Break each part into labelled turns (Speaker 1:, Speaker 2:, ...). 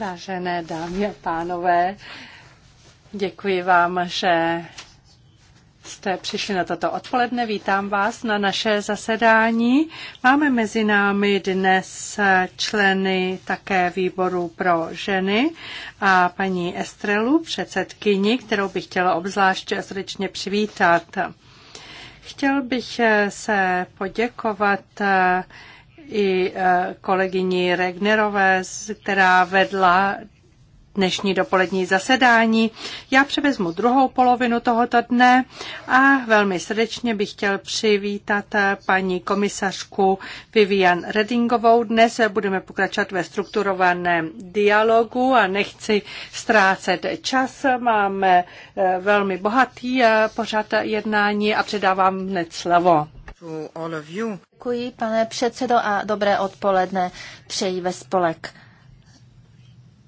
Speaker 1: Vážené dámy a pánové, děkuji vám, že jste přišli na toto odpoledne. Vítám vás na naše zasedání. Máme mezi námi dnes členy také výboru pro ženy a paní Estrelu, předsedkyni, kterou bych chtěla obzvlášť srdečně přivítat. Chtěl bych se poděkovat i e, kolegyni Regnerové, která vedla dnešní dopolední zasedání. Já převezmu druhou polovinu tohoto dne a velmi srdečně bych chtěl přivítat e, paní komisařku Vivian Redingovou. Dnes budeme pokračovat ve strukturovaném dialogu a nechci ztrácet čas. Máme e, velmi bohatý pořad jednání a předávám hned slovo. Děkuji, pane předsedo, a dobré odpoledne přeji ve spolek.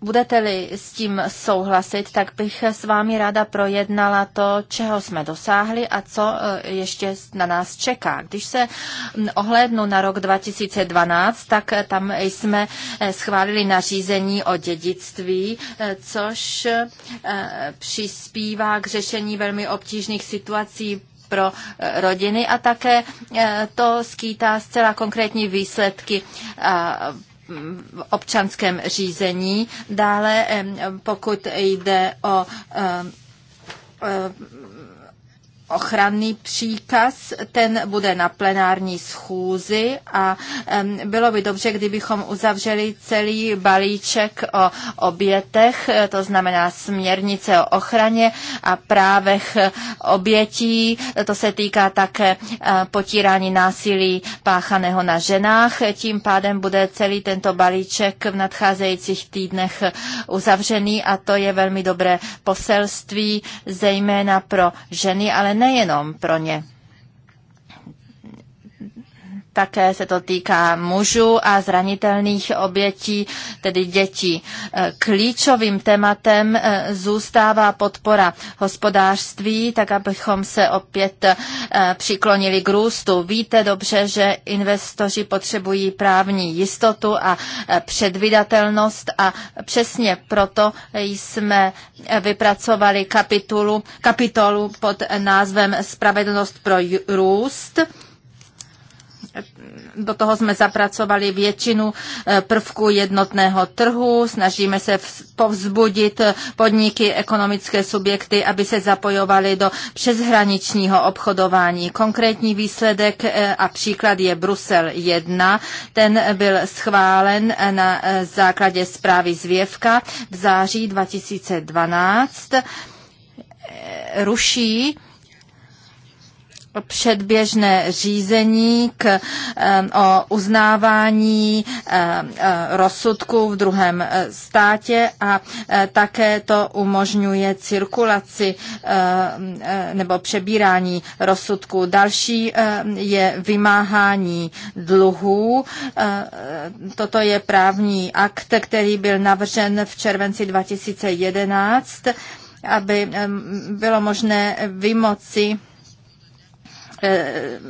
Speaker 2: Budete-li s tím souhlasit, tak bych s vámi ráda projednala to, čeho jsme dosáhli a co e, ještě na nás čeká. Když se ohlédnu na rok 2012, tak tam jsme e, schválili nařízení o dědictví, e, což přispívá k řešení velmi obtížných situací pro eh, rodiny a také eh, to skýtá zcela konkrétní výsledky eh, v občanském řízení. Dále, pokud jde o ochranný příkaz, ten bude na plenární schůzi a bylo by dobře, kdybychom uzavřeli celý balíček o obětech, to znamená směrnice o ochraně a právech obětí. To se týká také eh, potírání násilí páchaného na ženách. Tím pádem bude celý tento balíček v nadcházejících týdnech uzavřený a to je velmi dobré poselství, zejména pro ženy, ale nejenom pro ně. Také se to týká mužů a zranitelných obětí, tedy dětí. Eh, klíčovým tématem eh, zůstává podpora hospodářství, tak abychom se opět eh, přiklonili k růstu. Víte dobře, že investoři potřebují právní jistotu a předvydatelnost a přesně proto jsme vypracovali kapitolu pod názvem Spravedlnost pro růst do toho jsme zapracovali většinu eh, prvků jednotného trhu. Snažíme se povzbudit eh, podniky, ekonomické subjekty, aby se zapojovali do přeshraničního obchodování. Konkrétní výsledek eh, a příklad je Brusel 1. Ten byl schválen na základě zprávy Zvěvka v září 2012. Ruší předběžné řízení k, o uznávání e, rozsudku v druhém e, státě a e, také to umožňuje cirkulaci nebo přebírání rozsudku. Další je vymáhání dluhů. Toto je právní akt, který byl navržen v červenci 2011, aby bylo možné vymoci Eh,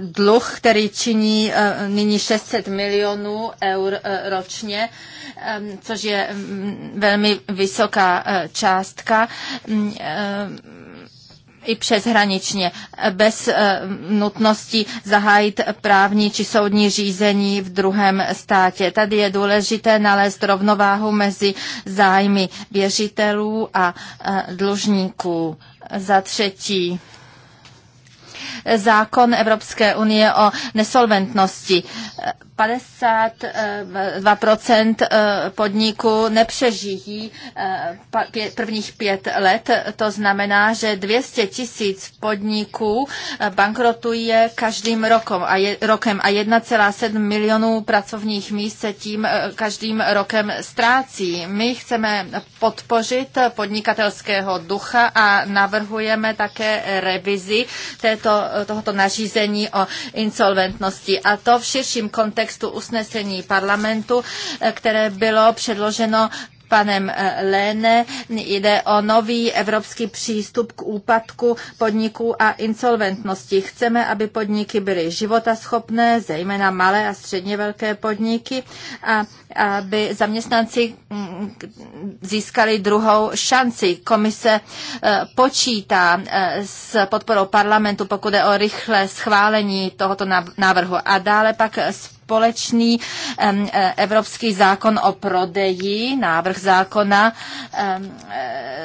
Speaker 2: dluh, který činí eh, nyní 600 milionů eur eh, ročně, což je mm, velmi vysoká částka mm, i přeshraničně, bez nutnosti zahájit právní či soudní řízení v druhém státě. Tady je důležité nalézt rovnováhu mezi zájmy věřitelů a dlužníků. Za třetí, zákon Evropské unie o nesolventnosti. 52% eh, eh, podniků nepřežijí eh, prvních pět let. To znamená, že 200 tisíc podniků bankrotuje každým rokem a, je, rokem a 1,7 milionů pracovních míst se tím každým rokem ztrácí. My chceme podpořit podnikatelského ducha a navrhujeme také revizi této, tohoto nařízení o insolventnosti a to v širším kontextu textu usnesení parlamentu, eh, které bylo předloženo panem eh, Léne. Jde o nový evropský přístup k úpadku podniků a insolventnosti. Chceme, aby podniky byly životaschopné, zejména malé a středně velké podniky, a aby zaměstnanci mm, získali druhou šanci. Komise eh, počítá s podporou parlamentu, pokud je o rychlé schválení tohoto návrhu. A dále pak společný e, evropský zákon o prodeji, návrh zákona. E,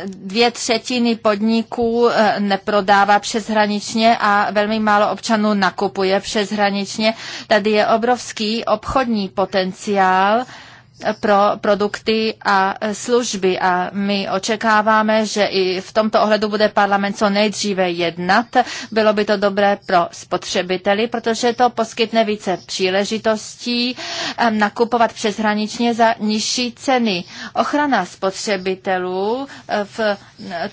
Speaker 2: dvě třetiny podniků e, neprodává přeshraničně a velmi málo občanů nakupuje přeshraničně. Tady je obrovský obchodní potenciál pro produkty a služby a my očekáváme, že i v tomto ohledu bude parlament co nejdříve jednat. Bylo by to dobré pro spotřebiteli, protože to poskytne více příležitostí nakupovat přeshraničně za nižší ceny. Ochrana spotřebitelů eh, v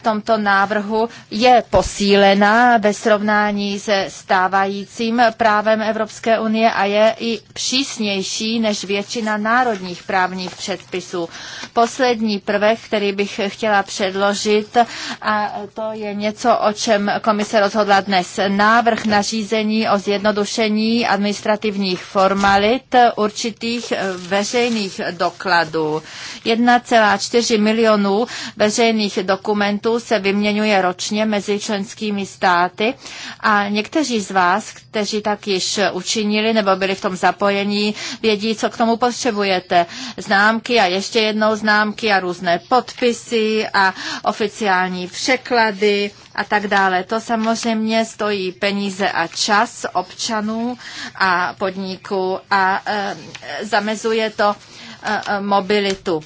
Speaker 2: tomto návrhu je posílena ve srovnání se stávajícím právem Evropské unie a je i přísnější než většina národních práv právních předpisů. Poslední prvek, který bych chtěla předložit, a to je něco, o čem komise rozhodla dnes. Návrh řízení o zjednodušení administrativních formalit určitých eh, veřejných dokladů. 1,4 milionů veřejných dokumentů se vyměňuje ročně mezi členskými státy a někteří z vás, kteří tak již učinili nebo byli v tom zapojení, vědí, co k tomu potřebujete známky a ještě jednou známky a různé podpisy a oficiální překlady a tak dále. To samozřejmě stojí peníze a čas občanů a podniků a e, zamezuje to e, mobilitu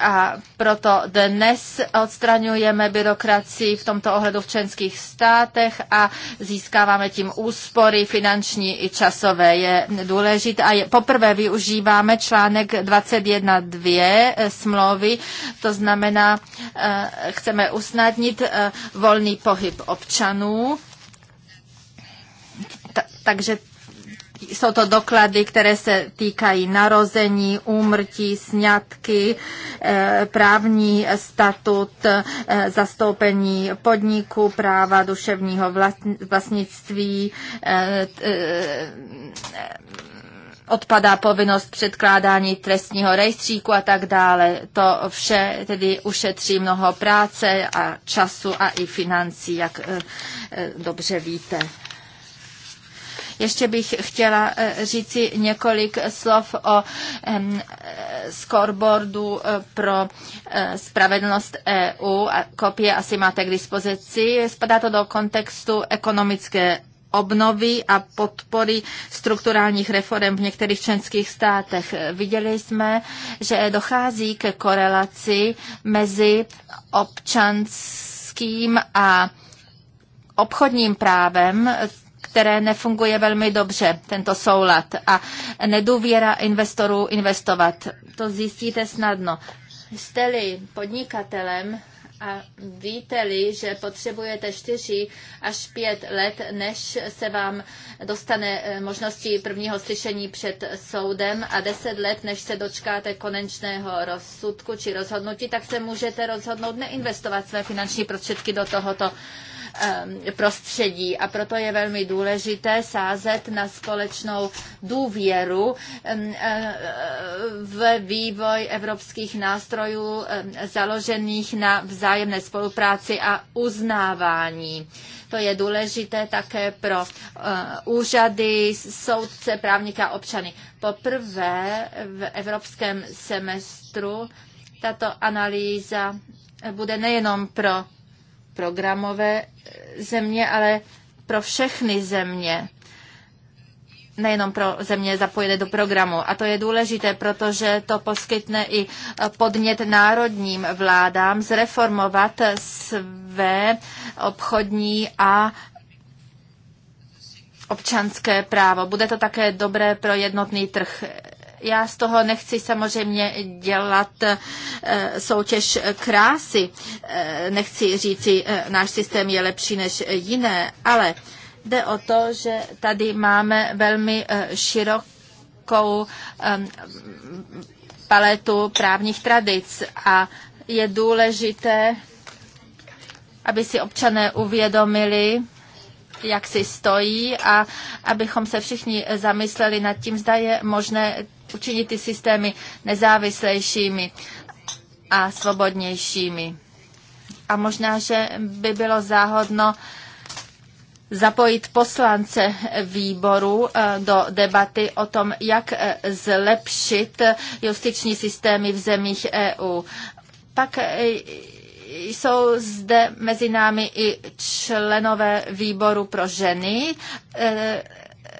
Speaker 2: a proto dnes odstraňujeme byrokracii v tomto ohledu v členských státech a získáváme tím úspory finanční i časové. Je důležité a je, poprvé využíváme článek 21.2 eh, smlouvy, to znamená, eh, chceme usnadnit eh, volný pohyb občanů. Ta, takže jsou to doklady, které se týkají narození, úmrtí, sňatky, eh, právní statut, eh, zastoupení podniku, práva duševního vlastnictví, eh, odpadá povinnost předkládání trestního rejstříku a tak dále. To vše tedy ušetří mnoho práce a času a i financí, jak dobře víte. Ještě bych chtěla eh, říci několik slov o eh, scoreboardu eh, pro spravedlnost EU. Kopie asi máte k dispozici. Spadá to do kontextu ekonomické obnovy a podpory strukturálních reform v některých členských státech. Viděli jsme, že dochází ke korelaci mezi občanským a obchodním právem, které nefunguje velmi dobře, tento soulad a nedůvěra investorů investovat. To zjistíte snadno. Jste-li podnikatelem, a víte-li, že potřebujete 4 až 5 let, než se vám dostane eh, možnosti prvního slyšení před soudem a 10 let, než se dočkáte konečného rozsudku či rozhodnutí, tak se můžete rozhodnout neinvestovat své finanční prostředky do tohoto Um, prostředí. A proto je velmi důležité sázet na společnou důvěru um, uh, v vývoj evropských nástrojů um, založených na vzájemné spolupráci a uznávání. To je důležité také pro uh, úřady, soudce, právníka, občany. Poprvé v evropském semestru tato analýza bude nejenom pro programové země, ale pro všechny země nejenom pro země zapojené do programu. A to je důležité, protože to poskytne i podnět národním vládám zreformovat své obchodní a občanské právo. Bude to také dobré pro jednotný trh já z toho nechci samozřejmě dělat eh, soutěž krásy. Eh, nechci říci, eh, náš systém je lepší než jiné, ale jde o to, že tady máme velmi širokou paletu právních tradic a je důležité, aby si občané uvědomili, jak si stojí a abychom se všichni zamysleli nad tím, zda je možné učinit ty systémy nezávislejšími a svobodnějšími. A možná, že by bylo záhodno zapojit poslance výboru eh, do debaty o tom, jak eh, zlepšit eh, justiční systémy v zemích EU. Pak jsou zde mezi námi i členové výboru pro ženy,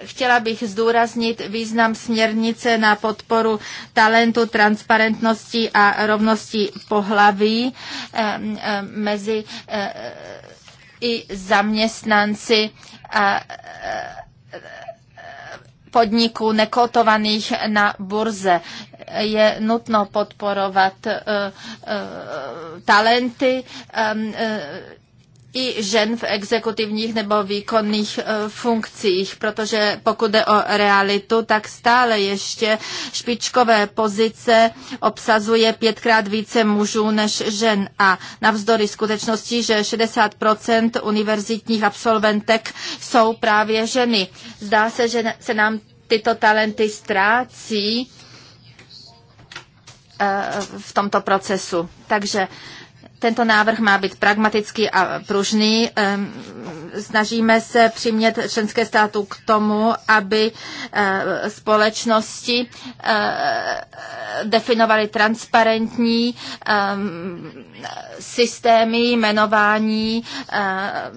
Speaker 2: Chtěla bych zdůraznit význam směrnice na podporu talentu, transparentnosti a rovnosti pohlaví mezi eh, i zaměstnanci a eh, podniků nekotovaných na burze. Je nutno podporovat eh, talenty i žen v exekutivních nebo výkonných e, funkcích, protože pokud jde o realitu, tak stále ještě špičkové pozice obsazuje pětkrát více mužů než žen a navzdory skutečnosti, že 60% univerzitních absolventek jsou právě ženy. Zdá se, že se nám tyto talenty ztrácí e, v tomto procesu. Takže tento návrh má být pragmatický a pružný. Ehm, snažíme se přimět členské státu k tomu, aby eh, společnosti eh, definovaly transparentní ehm, systémy jmenování ehm,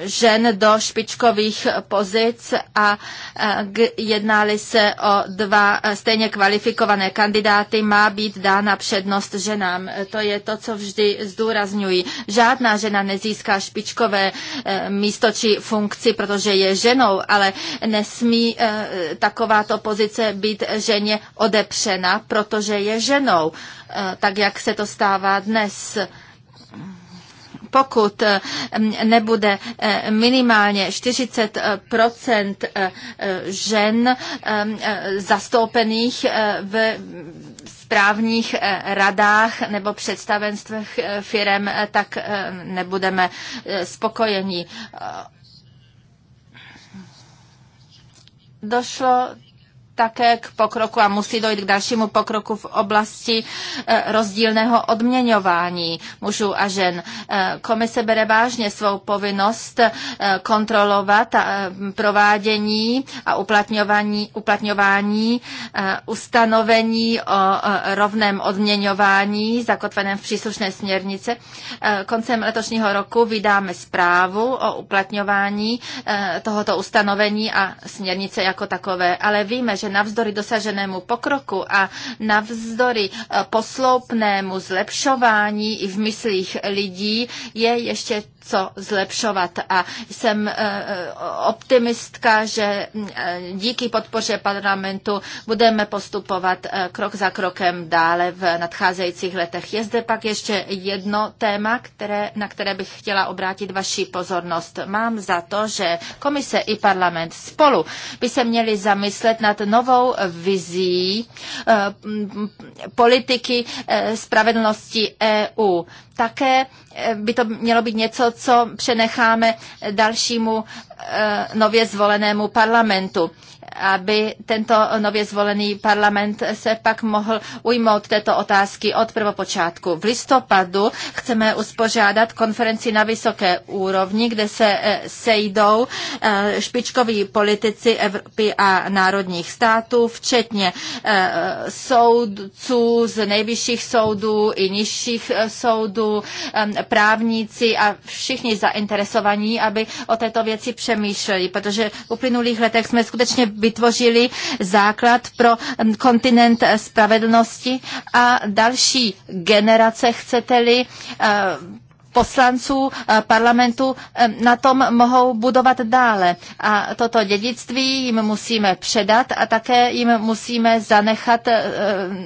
Speaker 2: žen do špičkových pozic a eh, jednali se o dva stejně kvalifikované kandidáty, má být dána přednost ženám. To je to, co vždy zdůrazňuji, žádná žena nezíská špičkové eh, místo či funkci, protože je ženou, ale nesmí eh, takováto pozice být ženě odepřena, protože je ženou, eh, tak jak se to stává dnes pokud eh, nebude eh, minimálně 40 eh, žen zastoupených v správních radách nebo představenstvech firem, tak nebudeme spokojení. Došlo také k pokroku a musí dojít k dalšímu pokroku v oblasti eh, rozdílného odměňování mužů a žen. Eh, komise bere vážně svou povinnost eh, kontrolovat provádění a uplatňování, uplatňování ustanovení o rovném odměňování zakotveném v příslušné směrnice. Koncem letošního roku vydáme zprávu o uplatňování tohoto ustanovení a směrnice jako takové, ale víme, že že navzdory dosaženému pokroku a navzdory eh, posloupnému zlepšování i v myslích lidí je ještě co zlepšovat a jsem eh, optimistka, že eh, díky podpoře parlamentu budeme postupovat eh, krok za krokem dále v nadcházejících letech. Je zde pak ještě jedno téma, které, na které bych chtěla obrátit vaši pozornost. Mám za to, že komise i parlament spolu by se měli zamyslet nad novou vizí politiky spravedlnosti EU. Také by to mělo být něco, co přenecháme dalšímu Eh, nově zvolenému parlamentu aby tento nově zvolený parlament se pak mohl ujmout této otázky od prvopočátku. V listopadu chceme uspořádat konferenci na vysoké úrovni, kde se eh, sejdou eh, špičkoví politici Evropy a národních států, včetně soudců z nejvyšších soudů i nižších soudů, právníci a všichni zainteresovaní, aby o této věci přemýšleli přemýšleli, protože v uplynulých letech jsme skutečně vytvořili základ pro mm, kontinent eh, spravedlnosti a další generace, chcete-li, eh, poslanců eh, parlamentu na tom mohou budovat dále. A toto dědictví jim musíme předat a také jim musíme zanechat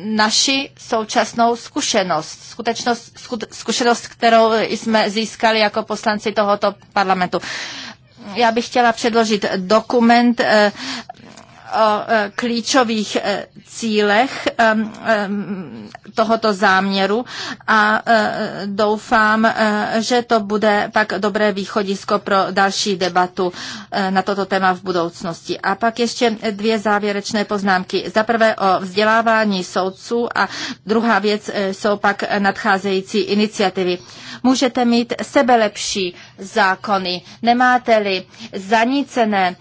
Speaker 2: naši současnou zkušenost. Skutečnost, zkušenost, kterou jsme získali jako poslanci tohoto parlamentu. Já bych chtěla předložit dokument eh, o e, klíčových e, cílech e, tohoto záměru a doufám, že to bude pak dobré východisko pro další debatu na toto téma v budoucnosti. A pak ještě dvě závěrečné poznámky. Za prvé o vzdělávání soudců a druhá věc jsou pak nadcházející iniciativy. Můžete mít sebelepší zákony. Nemáte-li zanícené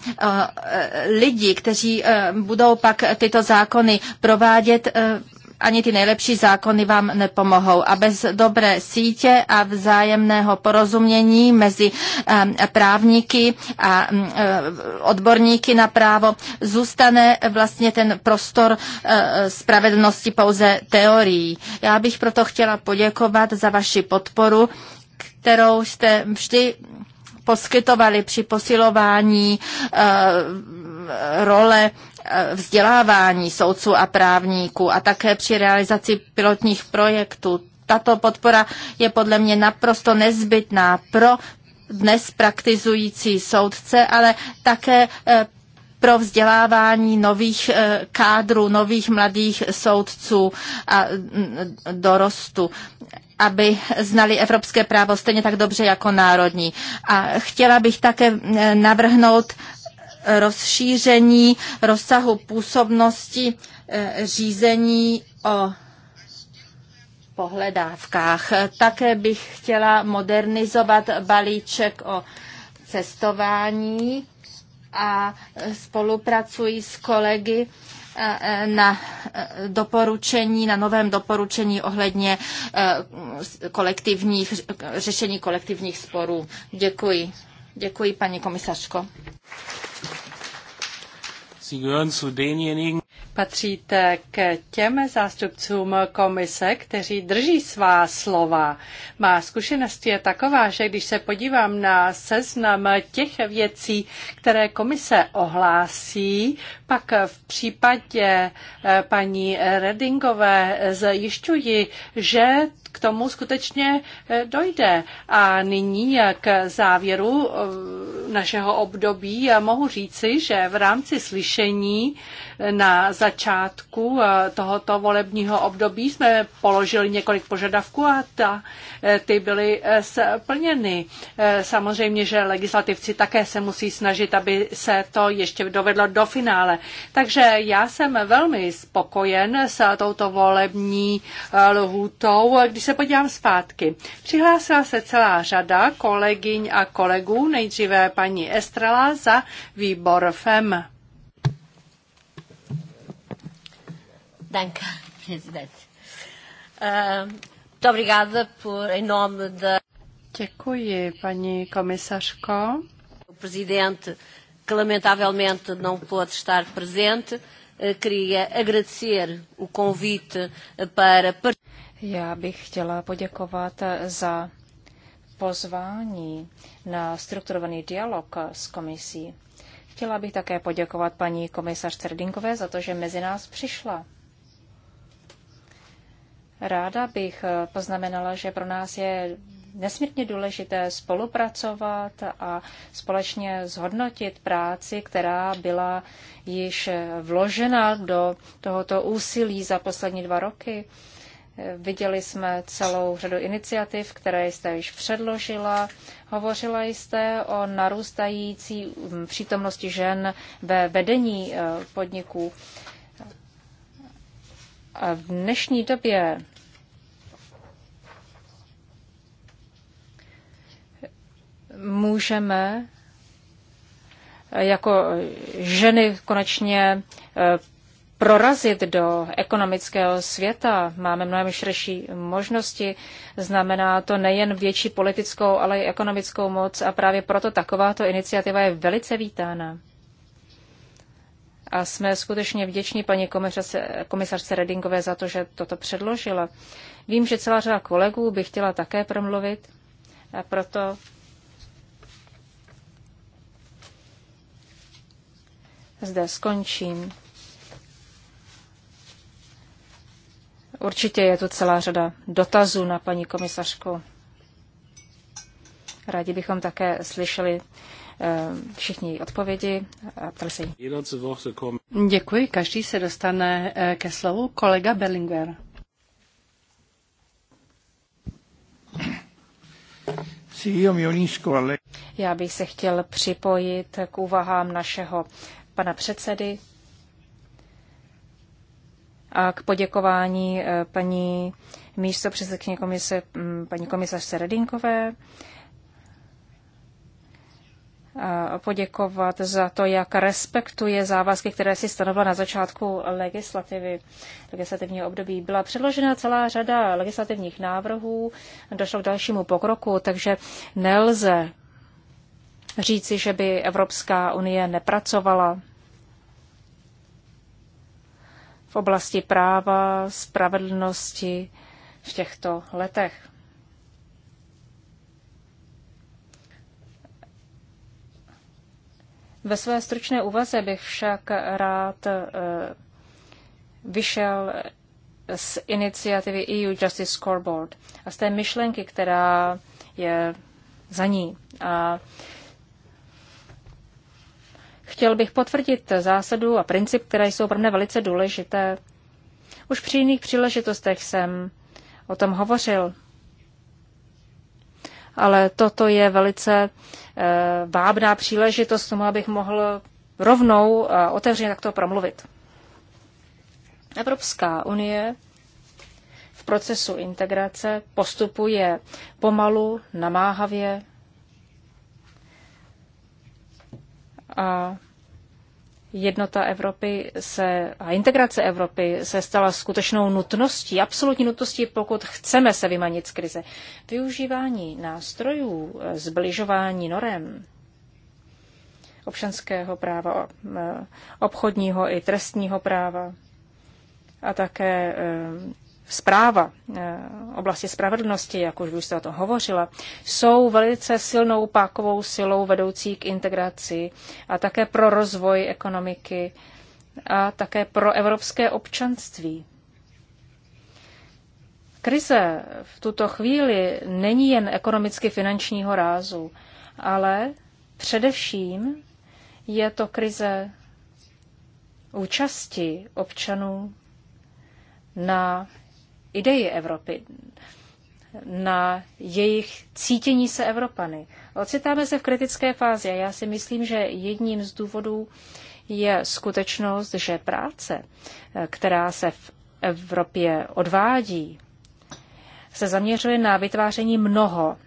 Speaker 2: lidi, kteří Eh, budou pak tyto zákony provádět, eh, ani ty nejlepší zákony vám nepomohou. A bez dobré sítě a vzájemného porozumění mezi eh, právníky a mm, odborníky na právo zůstane vlastně ten prostor spravedlnosti pouze teorií. Já bych proto chtěla poděkovat za vaši podporu kterou jste vždy poskytovali při posilování eh, role eh, vzdělávání soudců a právníků a také při realizaci pilotních projektů. Tato podpora je podle mě naprosto nezbytná pro dnes praktizující soudce, ale také eh, pro vzdělávání nových kádrů, nových mladých soudců a mm, dorostu aby znali evropské právo stejně tak dobře jako národní. A chtěla bych také eh, navrhnout rozšíření rozsahu působnosti eh, řízení o pohledávkách. Také bych chtěla modernizovat balíček o cestování a spolupracuji s kolegy na eh, doporučení, na novém doporučení ohledně eh, kolektivních, řešení kolektivních sporů. Děkuji.
Speaker 1: Děkuji, paní komisařko. Sie gehören zu denjenigen, Patříte k těm zástupcům komise, kteří drží svá slova. Má zkušenost je taková, že když se podívám na seznam těch věcí, které komise ohlásí, pak v případě eh, paní Redingové zjišťuji, že k tomu skutečně eh, dojde. A nyní eh, k závěru eh, našeho období já mohu říci, že v rámci slyšení na začátku tohoto volebního období jsme položili několik požadavků a ta, ty byly splněny. Samozřejmě, že legislativci také se musí snažit, aby se to ještě dovedlo do finále. Takže já jsem velmi spokojen s touto volební lhůtou, když když se podívám zpátky, přihlásila se celá řada kolegyň a kolegů, nejdříve paní Estrela za výbor FEM. Danka, prezident. Ehm, Děkuji, paní komisařko. Presidente, lamentavelmente não pôde estar presente,
Speaker 2: eh, queria agradecer o convite eh, para... Já
Speaker 3: bych chtěla poděkovat za pozvání na strukturovaný dialog s komisí. Chtěla bych také poděkovat paní komisař Cerdinkové za to, že mezi nás přišla. Ráda bych poznamenala, že pro nás je nesmírně důležité spolupracovat a společně zhodnotit práci, která byla již vložena do tohoto úsilí za poslední dva roky Viděli jsme celou řadu iniciativ, které jste již předložila. Hovořila jste o narůstající mm, přítomnosti žen ve vedení eh, podniků. A v dnešní době můžeme eh, jako ženy konečně eh, prorazit do ekonomického světa, máme mnohem širší možnosti, znamená to nejen větší politickou, ale i ekonomickou moc a právě proto takováto iniciativa je velice vítána. A jsme skutečně vděční paní komisařce, komisařce Redingové za to, že toto předložila. Vím, že celá řada kolegů by chtěla také promluvit, a proto zde skončím. Určitě je tu celá řada dotazů na paní komisařku. Rádi bychom také slyšeli
Speaker 1: eh, všichni její odpovědi a Děkuji, každý se dostane eh, ke slovu. Kolega Berlinguer. Já bych
Speaker 3: se chtěl připojit k úvahám našeho pana předsedy a k poděkování eh, paní místo předsedkyně komise, mm, paní komisařce Redinkové a poděkovat za to, jak respektuje závazky, které si stanovila na začátku legislativy, legislativního období. Byla předložena celá řada legislativních návrhů, došlo k dalšímu pokroku, takže nelze říci, že by Evropská unie nepracovala v oblasti práva, spravedlnosti v těchto letech. Ve své stručné úvaze bych však rád eh, vyšel z iniciativy EU Justice Scoreboard a z té myšlenky, která je za ní. A Chtěl bych potvrdit zásadu a princip, které jsou pro mě velice důležité. Už při jiných příležitostech jsem o tom hovořil. Ale toto je velice eh, vábná příležitost tomu, abych mohl rovnou a otevřeně takto promluvit. Evropská unie v procesu integrace postupuje pomalu, namáhavě, a jednota Evropy se, a integrace Evropy se stala skutečnou nutností, absolutní nutností, pokud chceme se vymanit z krize. Využívání nástrojů, zbližování norem, občanského práva, obchodního i trestního práva a také zpráva eh, oblasti spravedlnosti, jak už jste o tom hovořila, jsou velice silnou pákovou silou vedoucí k integraci a také pro rozvoj ekonomiky a také pro evropské občanství. Krize v tuto chvíli není jen ekonomicky finančního rázu, ale především je to krize účasti občanů na ideji Evropy, na jejich cítění se Evropany. Ocitáme se v kritické fázi a já si myslím, že jedním z důvodů je skutečnost, že práce, která se v Evropě odvádí, se zaměřuje na vytváření mnoho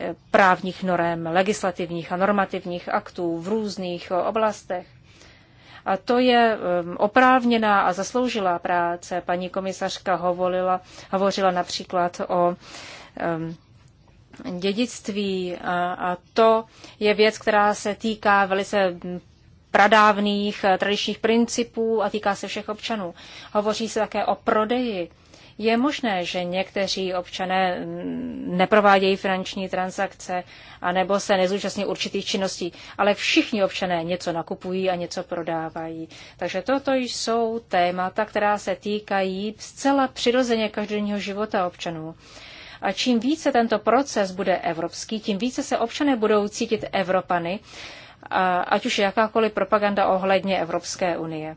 Speaker 3: eh, právních norem, legislativních a normativních aktů v různých eh, oblastech. A to je um, oprávněná a zasloužilá práce. Paní komisařka hovorila, hovořila například o um, dědictví a, a to je věc, která se týká velice pradávných eh, tradičních principů a týká se všech občanů. Hovoří se také o prodeji je možné, že někteří občané neprovádějí finanční transakce anebo se nezúčastní určitých činností, ale všichni občané něco nakupují a něco prodávají. Takže toto jsou témata, která se týkají zcela přirozeně každodenního života občanů. A čím více tento proces bude evropský, tím více se občané budou cítit Evropany, ať už jakákoliv propaganda ohledně Evropské unie.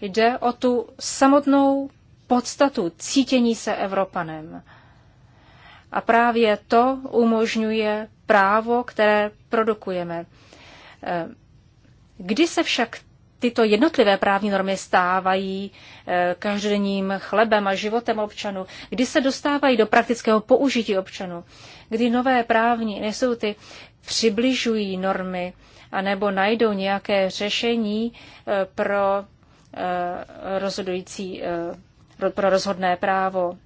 Speaker 3: Jde o tu samotnou podstatu cítění se Evropanem. A právě to umožňuje právo, které produkujeme. Eh, kdy se však tyto jednotlivé právní normy stávají eh, každodenním chlebem a životem občanů, kdy se dostávají do praktického použití občanů, kdy nové právní nesou ty přibližují normy, anebo najdou nějaké řešení eh, pro rozhodující pro rozhodné právo,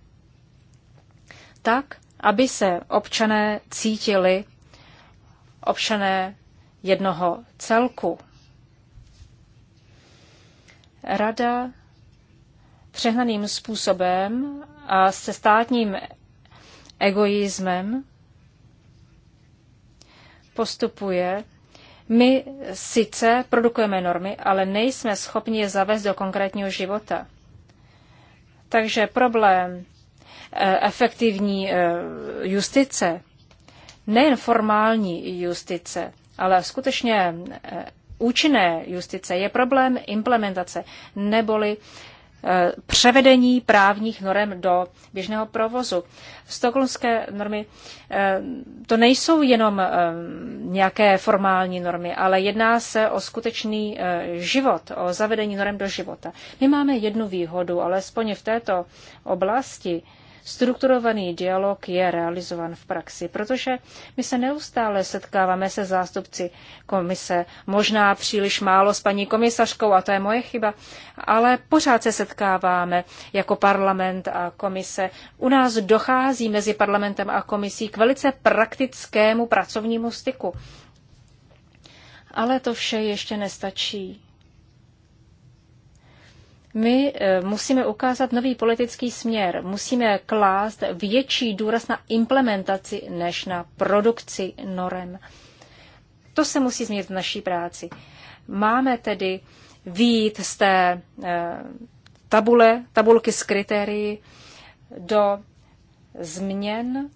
Speaker 3: tak, aby se občané cítili občané jednoho celku. Rada přehnaným způsobem a se státním egoismem postupuje. My sice produkujeme normy, ale nejsme schopni je zavést do konkrétního života. Takže problém eh, efektivní eh, justice, nejen formální justice, ale skutečně eh, účinné justice je problém implementace, neboli Eh, převedení právních norem do běžného provozu. Stokholmské normy eh, to nejsou jenom eh, nějaké formální normy, ale jedná se o skutečný život, o zavedení norem do života. My máme jednu výhodu, alespoň v této oblasti, strukturovaný dialog je realizován v praxi, protože my se neustále setkáváme se zástupci komise, možná příliš málo s paní komisařkou, a to je moje chyba, ale pořád se setkáváme jako parlament a komise. U nás dochází mezi parlamentem a komisí k velice praktickému pracovnímu styku. Ale to vše ještě nestačí. My eh, musíme ukázat nový politický směr, musíme klást větší důraz na implementaci než na produkci norem. To se musí změnit v naší práci. Máme tedy výjít z té eh, tabule, tabulky s kritérií do změn,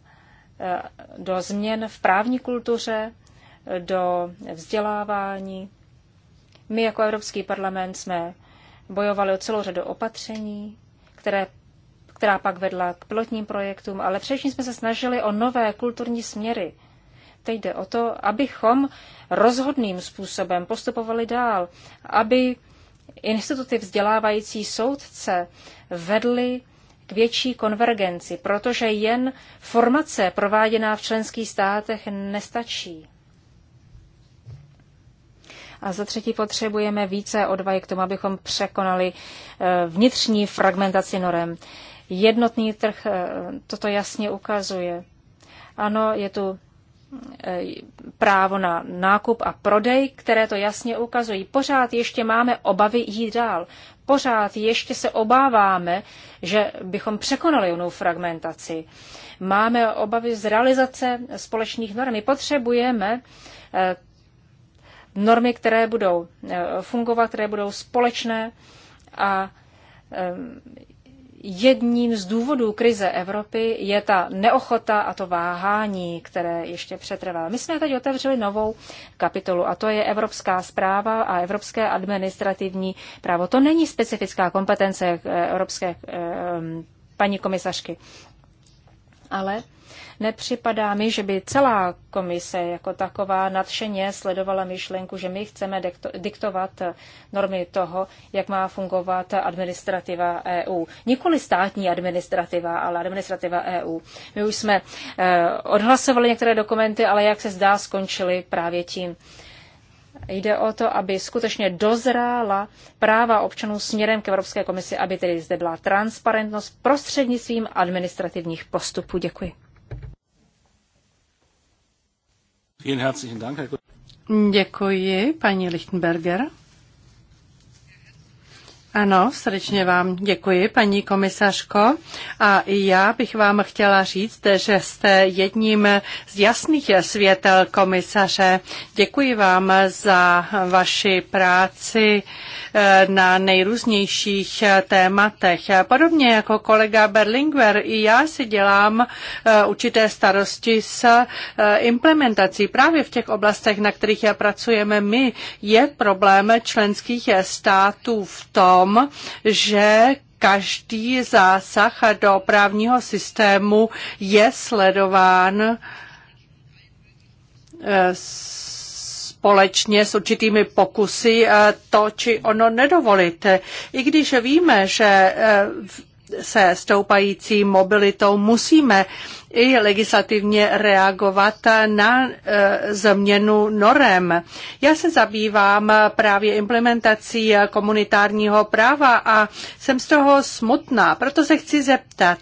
Speaker 3: eh, do změn v právní kultuře, do vzdělávání. My jako Evropský parlament jsme bojovali o celou řadu opatření, které, která pak vedla k pilotním projektům, ale především jsme se snažili o nové kulturní směry. Teď jde o to, abychom rozhodným způsobem postupovali dál, aby instituty vzdělávající soudce vedly k větší konvergenci, protože jen formace prováděná v členských státech nestačí. A za třetí potřebujeme více odvahy k tomu, abychom překonali eh, vnitřní fragmentaci norem. Jednotný trh eh, toto jasně ukazuje. Ano, je tu eh, právo na nákup a prodej, které to jasně ukazují. Pořád ještě máme obavy jít dál. Pořád ještě se obáváme, že bychom překonali onou fragmentaci. Máme obavy z realizace společných norm. My potřebujeme normy, které budou eh, fungovat, které budou společné a eh, jedním z důvodů krize Evropy je ta neochota a to váhání, které ještě přetrvá. My jsme teď otevřeli novou kapitolu a to je Evropská zpráva a Evropské administrativní právo. To není specifická kompetence eh, Evropské paní komisařky, ale Nepřipadá mi, že by celá komise jako taková nadšeně sledovala myšlenku, že my chceme diktovat normy toho, jak má fungovat administrativa EU. Nikoli státní administrativa, ale administrativa EU. My už jsme eh, odhlasovali některé dokumenty, ale jak se zdá, skončili právě tím. Jde o to, aby skutečně dozrála práva občanů směrem k Evropské komisi, aby tedy zde byla transparentnost prostřednictvím administrativních
Speaker 1: postupů. Děkuji. Děkuji, paní Lichtenberger. Ano, srdečně vám děkuji, paní komisařko. A i já bych vám chtěla říct, že jste jedním z jasných světel komisaře. Děkuji vám za vaši práci eh, na nejrůznějších eh, tématech. Podobně jako kolega Berlingwer, i já si dělám eh, určité starosti s implementací. Právě v těch oblastech, na kterých pracujeme my, je problém členských států v tom, tom, že každý zásah do právního systému je sledován eh, společně s určitými pokusy eh, to či ono nedovolit. I když víme, že eh, se stoupající mobilitou musíme i legislativně reagovat na e, změnu norem. Já se zabývám právě implementací komunitárního práva a jsem z toho smutná. Proto se chci zeptat,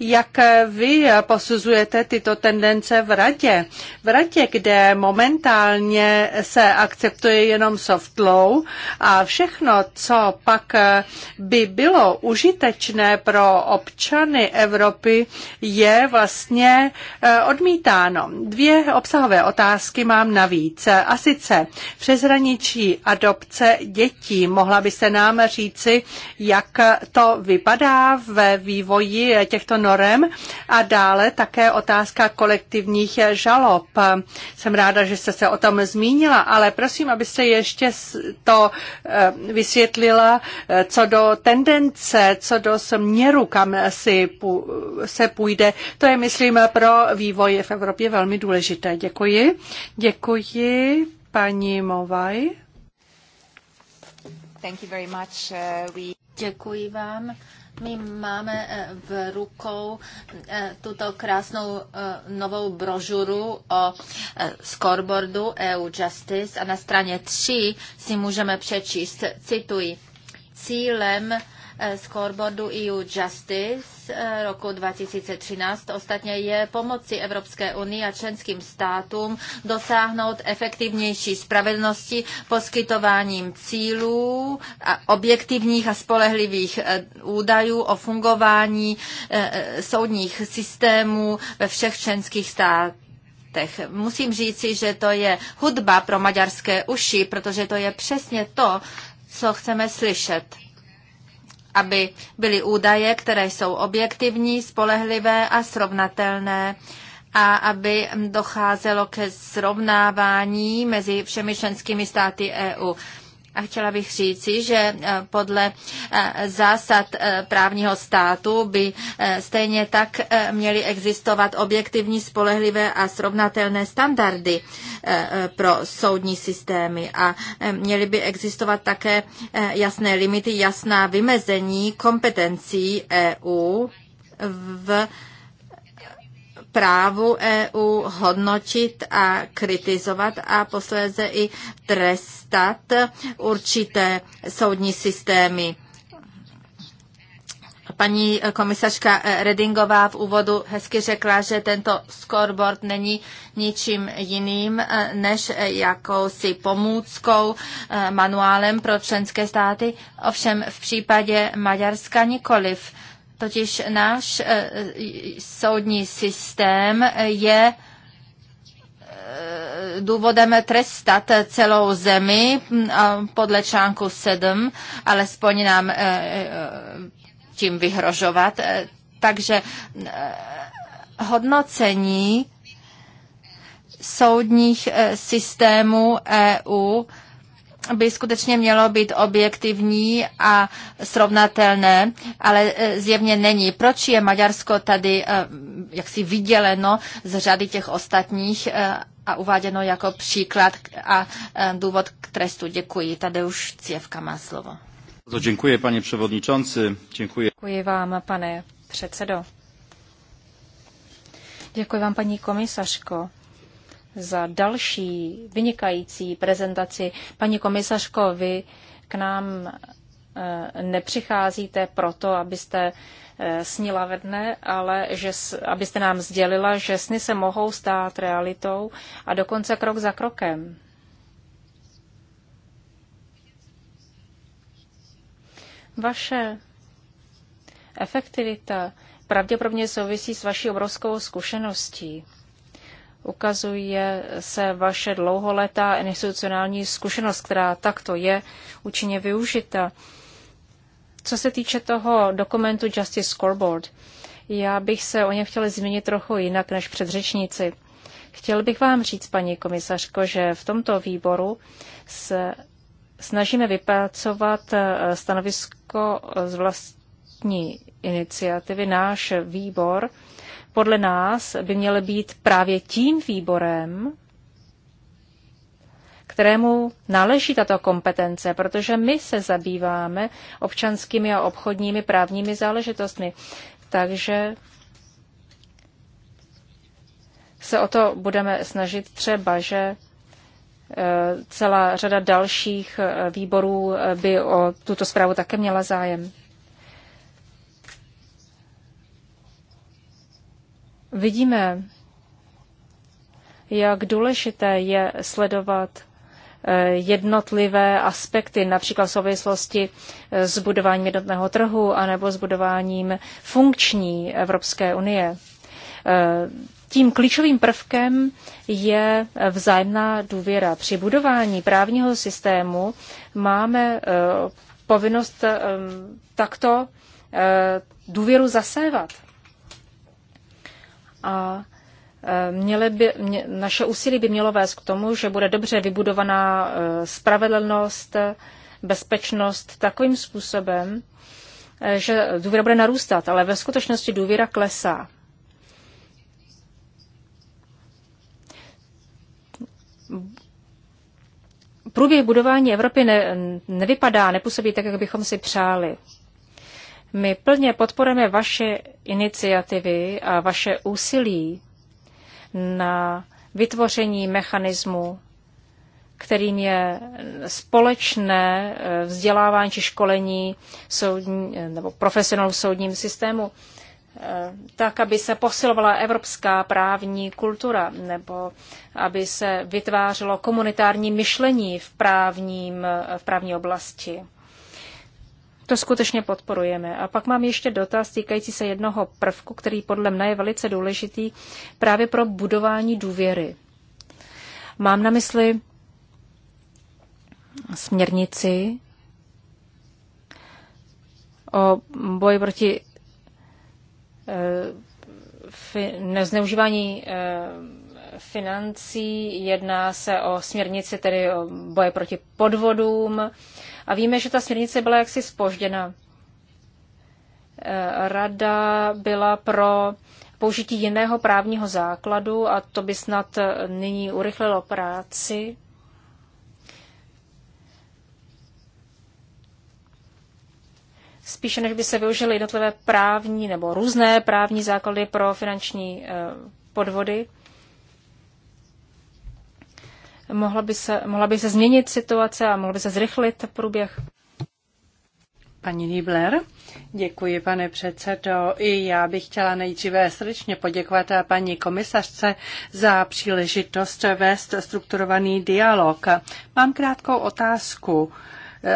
Speaker 1: jak vy posuzujete tyto tendence v radě. V radě, kde momentálně se akceptuje jenom soft law a všechno, co pak by bylo užitečné pro občany Evropy, je vlastně vlastně odmítáno. Dvě obsahové otázky mám navíc. A sice přeshraničí adopce dětí. Mohla by se nám říci, jak to vypadá ve vývoji těchto norem a dále také otázka kolektivních žalob. Jsem ráda, že jste se o tom zmínila, ale prosím, abyste ještě to eh, vysvětlila eh, co do tendence, co do směru, kam si se půjde. To je, myslím, myslím, pro vývoj v Evropě velmi důležité. Děkuji. Děkuji paní Movaj. Thank you very much. Uh,
Speaker 2: we... Děkuji vám. My máme eh, v rukou eh, tuto krásnou eh, novou brožuru o scoreboardu EU Justice a na straně 3 si můžeme přečíst, cituji, cílem Eh, scoreboardu EU Justice eh, roku 2013. Ostatně je pomoci Evropské unii a členským státům dosáhnout efektivnější spravedlnosti poskytováním cílů a objektivních a spolehlivých eh, údajů o fungování soudních systémů ve všech členských státech Musím říci, že to je hudba pro maďarské uši, protože to je přesně to, co chceme slyšet aby byly údaje, které jsou objektivní, spolehlivé a srovnatelné a aby docházelo ke srovnávání mezi všemi členskými státy EU. A chtěla bych říci, že eh, podle eh, zásad eh, právního státu by stejně tak měly existovat objektivní, spolehlivé a srovnatelné standardy pro soudní systémy a měly by existovat také jasné limity, jasná vymezení kompetencí EU v právu EU hodnotit a kritizovat a posléze i trestat určité soudní systémy. Paní komisařka Redingová v úvodu hezky řekla, že tento scoreboard není ničím jiným eh, než jakousi pomůckou eh, manuálem pro členské státy, ovšem v případě Maďarska nikoliv Totiž náš eh, soudní systém je eh, důvodem trestat celou zemi hm, podle článku 7, alespoň nám eh, tím vyhrožovat. Takže hodnocení soudních systémů EU by skutečně mělo být objektivní a srovnatelné, ale e, zjevně není. Proč je Maďarsko tady e, jaksi vyděleno z řady těch ostatních e, a uváděno jako příklad a důvod k trestu? Děkuji. Tady už Cievka má slovo.
Speaker 3: Děkuji, pane předsedající. Děkuji.
Speaker 2: Děkuji vám, pane předsedo.
Speaker 3: Děkuji vám, paní komisařko za další vynikající prezentaci. Paní komisařko, vy k nám eh, nepřicházíte proto, abyste eh, snila ve dne, ale že, abyste nám sdělila, že sny se mohou stát realitou a dokonce krok za krokem. Vaše efektivita pravděpodobně souvisí s vaší obrovskou zkušeností ukazuje se vaše dlouholetá institucionální zkušenost, která takto je účinně využita. Co se týče toho dokumentu Justice Scoreboard, já bych se o něm chtěla zmínit trochu jinak než předřečníci. Chtěl bych vám říct, paní komisařko, že v tomto výboru se snažíme vypracovat eh, stanovisko z vlastní iniciativy. Náš výbor podle nás by měl být právě tím výborem, kterému náleží tato kompetence, protože my se zabýváme občanskými a obchodními právními záležitostmi. Takže se o to budeme snažit třeba, že e, celá řada dalších e, výborů by o tuto zprávu také měla zájem. Vidíme, jak důležité je sledovat eh, jednotlivé aspekty, například v souvislosti eh, s budováním jednotného trhu anebo s budováním funkční Evropské unie. Eh, tím klíčovým prvkem je vzájemná důvěra. Při budování právního systému máme povinnost takto důvěru zasévat a e, měle by, mě, naše úsilí by mělo vést k tomu, že bude dobře vybudovaná e, spravedlnost, bezpečnost takovým způsobem, e, že důvěra bude narůstat, ale ve skutečnosti důvěra klesá. Průběh budování Evropy ne, nevypadá, nepůsobí tak, jak bychom si přáli. My plně podporujeme vaše iniciativy a vaše úsilí na vytvoření mechanismu, kterým je společné eh, vzdělávání či školení soudní, eh, nebo profesionálů v soudním systému, eh, tak, aby se posilovala evropská právní kultura, nebo aby se vytvářelo komunitární myšlení v, právním, v právní oblasti. To skutečně podporujeme. A pak mám ještě dotaz týkající se jednoho prvku, který podle mne je velice důležitý právě pro budování důvěry. Mám na mysli směrnici o boji proti eh, nezneužívání eh, financí, jedná se o směrnici tedy o boje proti podvodům, a víme, že ta směrnice byla jaksi spožděna. Eh, rada byla pro použití jiného právního základu a to by snad eh, nyní urychlilo práci. Spíše než by se využily jednotlivé právní nebo různé právní základy pro finanční eh, podvody mohla by
Speaker 1: se, mohla by se změnit situace a mohla by se zrychlit průběh? Paní Niebler, děkuji pane předsedo. I já bych chtěla nejdříve srdečně poděkovat paní komisařce za příležitost vést strukturovaný dialog. Mám krátkou otázku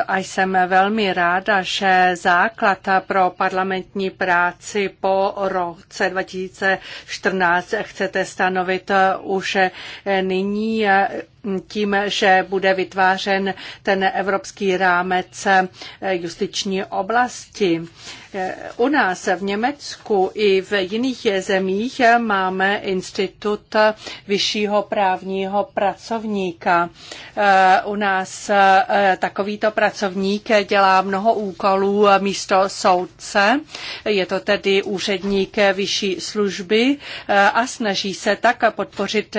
Speaker 1: a jsem velmi ráda, že základ pro parlamentní práci po roce 2014 chcete stanovit už nyní tím, že bude vytvářen ten evropský rámec justiční oblasti. U nás v Německu i v jiných zemích máme institut vyššího právního pracovníka. U nás takovýto pracovník dělá mnoho úkolů místo soudce. Je to tedy úředník vyšší služby a snaží se tak podpořit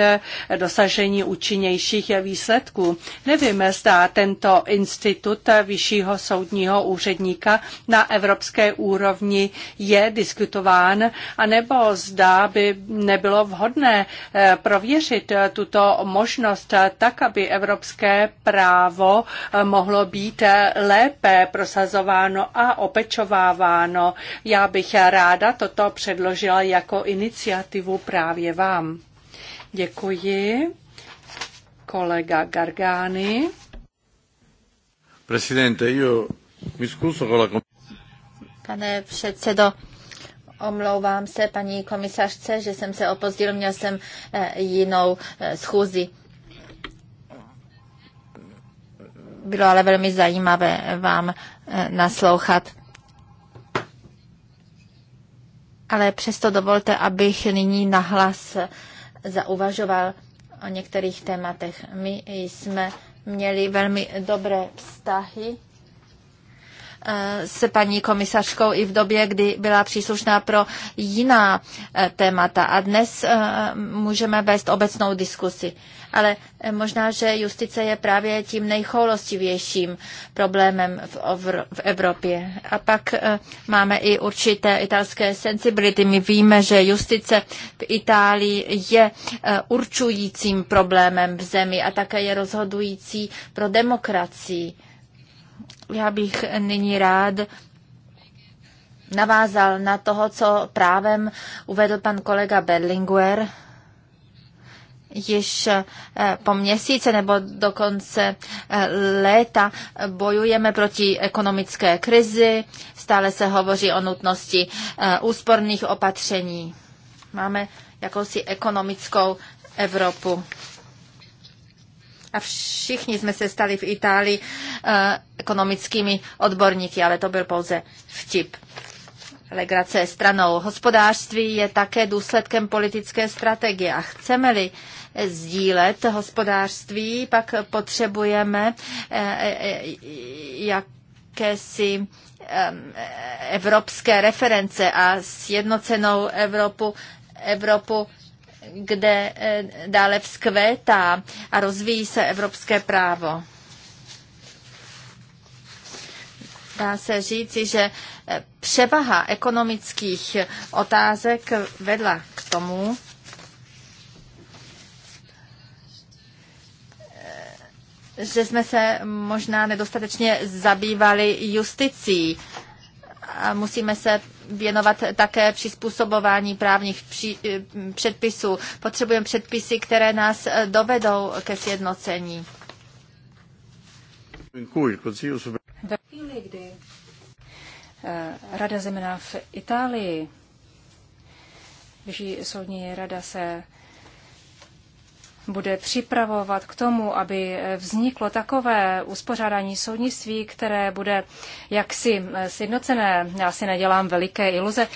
Speaker 1: dosažení účinnější dalších výsledků. Nevím, zda tento institut vyššího soudního úředníka na evropské úrovni je diskutován, anebo zda by nebylo vhodné eh, prověřit eh, tuto možnost eh, tak, aby evropské právo mohlo být lépe prosazováno a opečováváno. Já bych ráda toto předložila jako iniciativu právě vám. Děkuji kolega Gargány. Presidente, io mi scuso con la...
Speaker 2: Pane předsedo, omlouvám se paní komisařce, že jsem se opozdil, měl jsem eh, jinou eh, schůzi. Bylo ale velmi zajímavé vám eh, naslouchat. Ale přesto dovolte, abych nyní nahlas zauvažoval o některých tématech. My jsme měli velmi dobré vztahy eh, s paní komisařkou i v době, kdy byla příslušná pro jiná eh, témata. A dnes eh, můžeme vést obecnou diskusi ale eh, možná, že justice je právě tím nejchoulostivějším problémem v Evropě. A pak eh, máme i určité italské sensibility. My víme, že justice v Itálii je eh, určujícím problémem v zemi a také je rozhodující pro demokracii. Já bych nyní rád navázal na toho, co právem uvedl pan kolega Berlinguer již eh, po měsíce nebo dokonce eh, léta bojujeme proti ekonomické krizi, stále se hovoří o nutnosti eh, úsporných opatření. Máme jakousi ekonomickou Evropu. A všichni jsme se stali v Itálii ekonomickými odborníky, ale to byl pouze vtip. Legrace stranou. Hospodářství je také důsledkem politické strategie a chceme-li sdílet hospodářství, pak potřebujeme eh, eh, jakési evropské reference a sjednocenou Evropu, Evropu kde eh, dále vzkvétá a rozvíjí se evropské právo. Dá se říci, že převaha ekonomických otázek vedla k tomu, že jsme se možná nedostatečně zabývali justicí. A musíme se věnovat také přizpůsobování právních při, eh, předpisů. Potřebujeme předpisy, které nás eh, dovedou ke sjednocení. Ve eh,
Speaker 1: chvíli, kdy
Speaker 3: Rada zemina v Itálii, když soudní rada se bude připravovat k tomu, aby vzniklo takové uspořádání soudnictví, které bude jaksi sjednocené. Já si nedělám veliké iluze,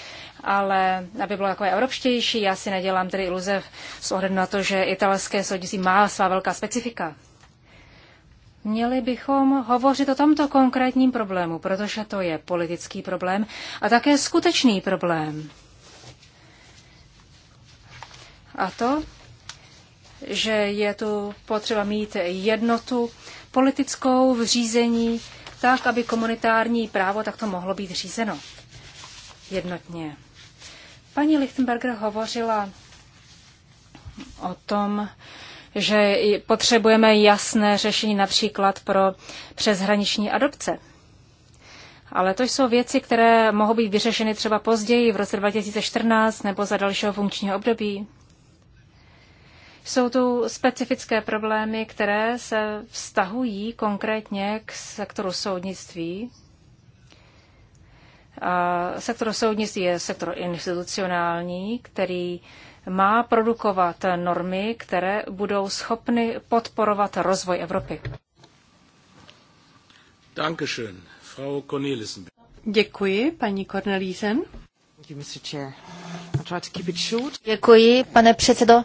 Speaker 3: ale aby bylo takové evropštější, já si nedělám tedy iluze s ohledem na to, že italské soudnictví má svá velká specifika. Měli bychom hovořit o tomto konkrétním problému, protože to je politický problém a také skutečný problém. A to že je tu potřeba mít jednotu politickou v řízení, tak, aby komunitární právo takto mohlo být řízeno jednotně. Paní Lichtenberger hovořila o tom, že potřebujeme jasné řešení například pro přeshraniční adopce. Ale to jsou věci, které mohou být vyřešeny třeba později, v roce 2014 nebo za dalšího funkčního období. Jsou tu specifické problémy, které se vztahují konkrétně k sektoru soudnictví. A sektor soudnictví je sektor institucionální, který má produkovat normy, které budou schopny podporovat rozvoj
Speaker 1: Evropy. Dankeschön, Frau Cornelissen. Děkuji, paní Cornelisen.
Speaker 2: Děkuji, pane předsedo.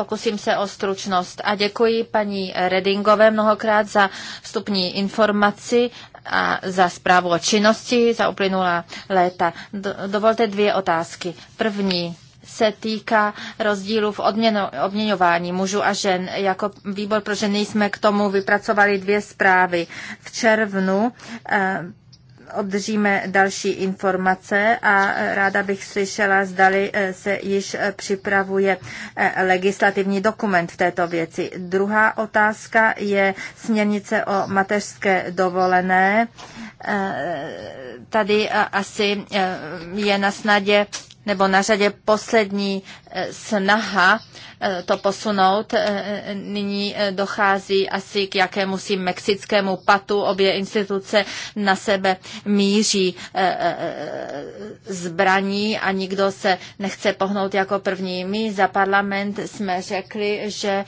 Speaker 2: Pokusím se o stručnost a děkuji paní Redingové mnohokrát za vstupní informaci a za zprávu o činnosti za uplynulá léta. Dovolte dvě otázky. První se týká rozdílu v odměno, odměňování mužů a žen. Jako výbor pro ženy jsme k tomu vypracovali dvě zprávy. V červnu eh, obdržíme další informace a ráda bych slyšela, zdali eh, se již eh, připravuje eh, legislativní dokument v této věci. Druhá otázka je směrnice o mateřské dovolené. Tady asi je na snadě nebo na řadě poslední snaha eh, to posunout. Eh, nyní eh, dochází asi k jakému si mexickému patu. Obě instituce na sebe míří zbraní a nikdo se nechce pohnout jako první. My za parlament jsme řekli, že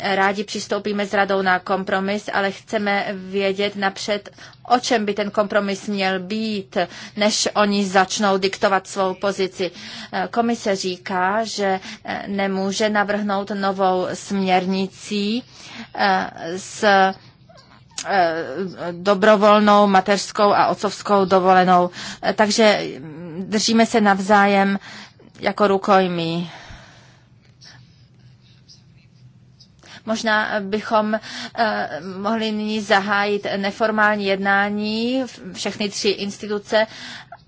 Speaker 2: rádi přistoupíme s radou na kompromis, ale chceme vědět napřed, o čem by ten kompromis měl být, než oni začnou diktovat svou pozici. Komise říká, že eh, nemůže navrhnout novou směrnicí eh, s eh, dobrovolnou mateřskou a otcovskou dovolenou. Takže mm, držíme se navzájem jako rukojmí. Možná bychom mohli nyní zahájit neformální jednání všechny tři instituce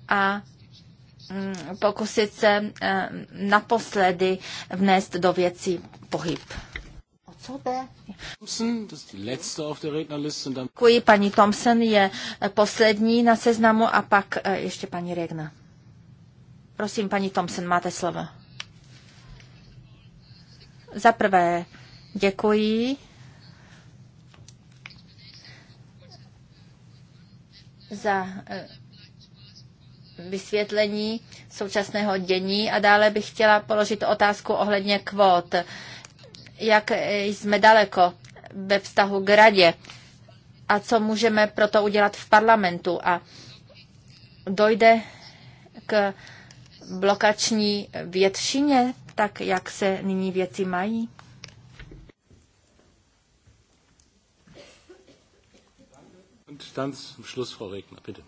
Speaker 2: a Mm, pokusit se eh, naposledy vnést do věcí pohyb. Děkuji, paní Thompson je eh, poslední na seznamu a pak eh, ještě paní Regna. Prosím, paní Thompson, máte slovo. Za prvé, děkuji. za vysvětlení současného dění a dále bych chtěla položit otázku ohledně kvót. Jak jsme daleko ve vztahu k radě a co můžeme proto udělat v parlamentu a dojde k blokační většině, tak jak se nyní věci mají?
Speaker 1: Und dann zum Schluss Frau Regner, bitte.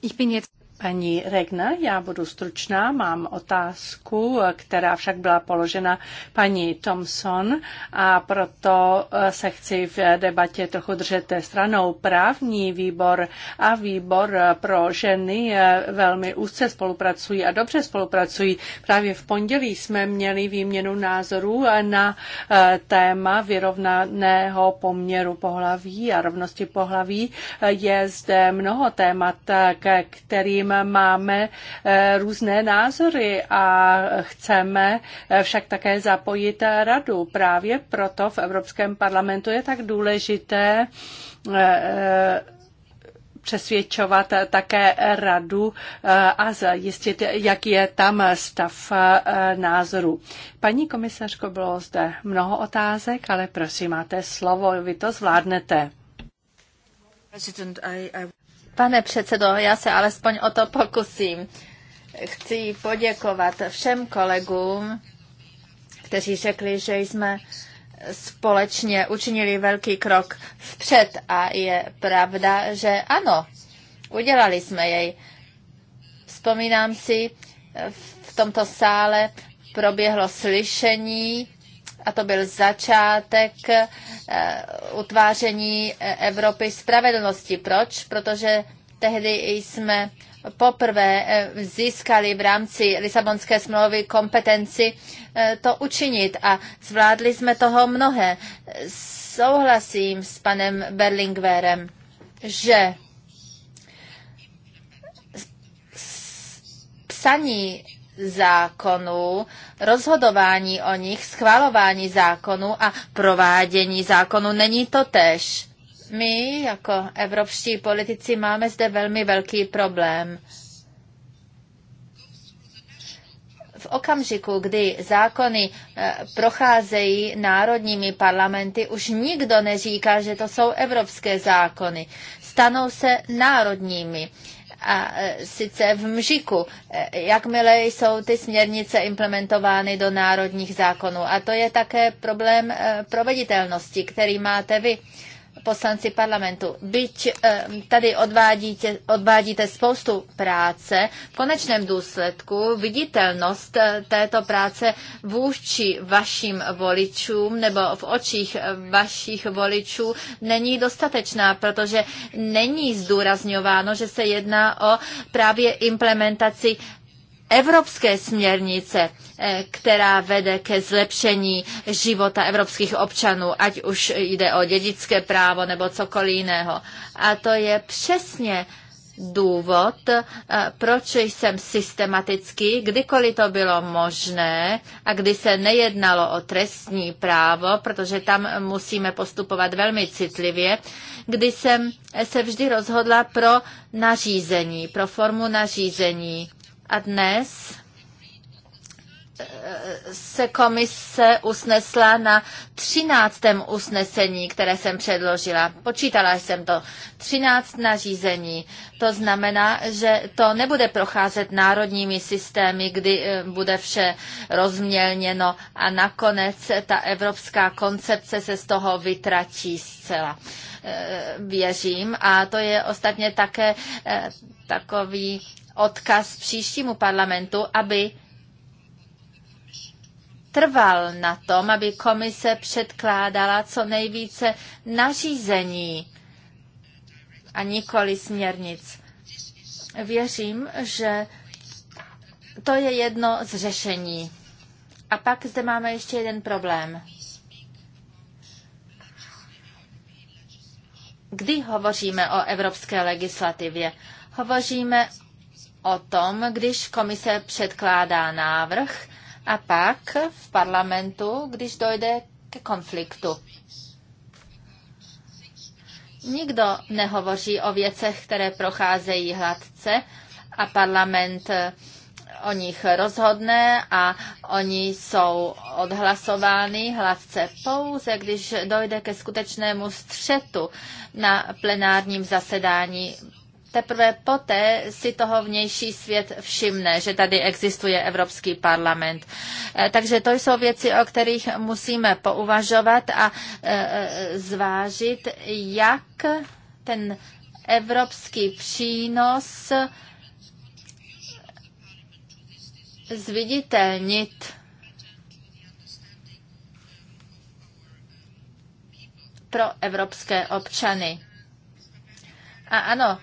Speaker 1: Ich bin jetzt Paní Regna, já budu stručná, mám otázku, která však byla položena paní Thompson a proto eh, se chci v debatě trochu držet stranou. Právní výbor a výbor eh, pro ženy eh, velmi úzce spolupracují a dobře spolupracují. Právě v pondělí jsme měli výměnu názorů na téma vyrovnaného poměru pohlaví a rovnosti pohlaví. Je zde mnoho témat, ke kterým kterým máme eh, různé názory a chceme eh, však také zapojit radu. Právě proto v Evropském parlamentu je tak důležité eh, přesvědčovat také radu a zjistit, jak je tam stav názoru. Paní komisařko, bylo zde mnoho otázek, ale prosím, máte slovo, vy to zvládnete. Pane předsedo,
Speaker 2: já se alespoň o to pokusím. Chci poděkovat všem kolegům, kteří řekli, že jsme společně učinili velký krok vpřed a je pravda, že ano, udělali jsme jej. Vzpomínám si, v tomto sále proběhlo slyšení a to byl začátek eh, utváření eh, Evropy spravedlnosti. Proč? Protože tehdy jsme poprvé eh, získali v rámci Lisabonské smlouvy kompetenci to učinit a zvládli jsme toho mnohé. Souhlasím s panem Berlingwerem, že psaní zákonů, rozhodování o nich, schvalování zákonů a provádění zákonů není to tež. My jako evropští politici máme zde velmi velký problém. v okamžiku, kdy zákony eh, procházejí národními parlamenty, už nikdo neříká, že to jsou evropské zákony. Stanou se národními a e, sice v mžiku, e, jakmile jsou ty směrnice implementovány do národních zákonů. A to je také problém e, proveditelnosti, který máte vy poslanci parlamentu. Byť eh, tady odvádíte, odvádíte spoustu práce, v konečném důsledku viditelnost eh, této práce vůči vašim voličům nebo v očích eh, vašich voličů není dostatečná, protože není zdůrazňováno, že se jedná o právě implementaci evropské směrnice, eh, která vede ke zlepšení života evropských občanů, ať už jde o dědické právo nebo cokoliv jiného. A to je přesně důvod, eh, proč jsem systematicky, kdykoliv to bylo možné a kdy se nejednalo o trestní právo, protože tam musíme postupovat velmi citlivě, kdy jsem se vždy rozhodla pro nařízení, pro formu nařízení a dnes eh, se komise usnesla na třináctém usnesení, které jsem předložila. Počítala jsem to. Třináct nařízení. To znamená, že to nebude procházet národními systémy, kdy eh, bude vše rozmělněno a nakonec ta evropská koncepce se z toho vytratí zcela. Eh, věřím a to je ostatně také takový odkaz příštímu parlamentu, aby trval na tom, aby komise předkládala co nejvíce nařízení a nikoli směrnic. Věřím, že to je jedno z řešení. A pak zde máme ještě jeden problém. Kdy hovoříme o evropské legislativě? Hovoříme o tom, když komise předkládá návrh a pak v parlamentu, když dojde ke konfliktu. Nikdo nehovoří o věcech, které procházejí hladce a parlament eh, o nich rozhodne a oni jsou odhlasovány hladce pouze, když dojde ke skutečnému střetu na plenárním zasedání teprve poté si toho vnější svět všimne, že tady existuje Evropský parlament. E, takže to jsou věci, o kterých musíme pouvažovat a e, e, zvážit, jak ten evropský přínos zviditelnit pro evropské občany. A ano,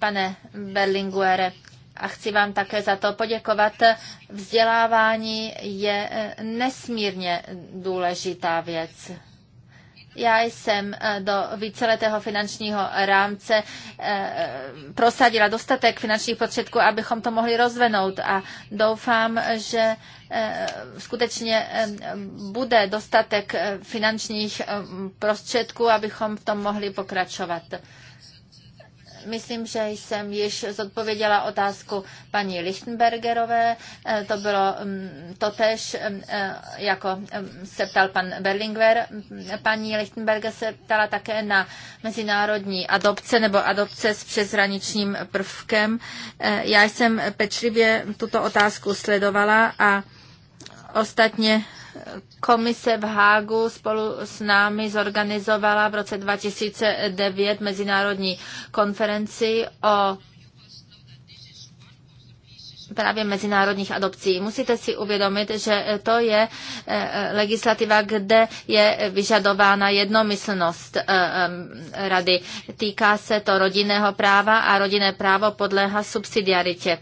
Speaker 2: pane Berlinguere. A chci vám také za to poděkovat. Vzdělávání je eh, nesmírně důležitá věc. Já jsem eh, do víceletého finančního rámce eh, prosadila dostatek finančních prostředků, abychom to mohli rozvenout a doufám, že skutečně bude dostatek finančních prostředků, abychom v tom mohli pokračovat. Myslím, že jsem již zodpověděla otázku paní Lichtenbergerové. Eh, to bylo mm, totež, mm, eh, jako mm, se ptal pan Berlingwer. Paní Lichtenberger se ptala také na mezinárodní adopce nebo adopce s přeshraničním prvkem. Eh, já jsem pečlivě tuto otázku sledovala a ostatně Komise v Hágu spolu s námi zorganizovala v roce 2009 mezinárodní konferenci o právě mezinárodních adopcí. Musíte si uvědomit, že to je eh, eh, legislativa, kde je vyžadována jednomyslnost eh, rady. Týká se to rodinného práva a rodinné právo podléhá subsidiaritě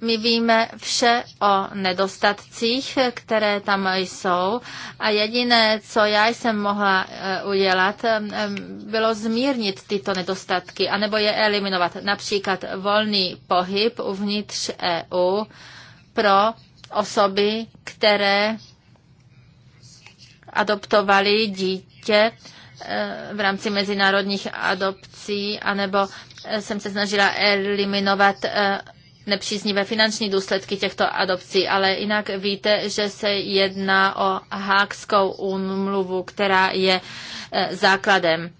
Speaker 2: my víme vše o nedostatcích, které tam jsou a jediné, co já jsem mohla eh, udělat, eh, bylo zmírnit tyto nedostatky, anebo je eliminovat. Například volný pohyb uvnitř EU pro osoby, které adoptovali dítě eh, v rámci mezinárodních adopcí, anebo jsem se snažila eliminovat nepříznivé finanční důsledky těchto adopcí, ale jinak víte, že se jedná o hákskou úmluvu, která je eh, základem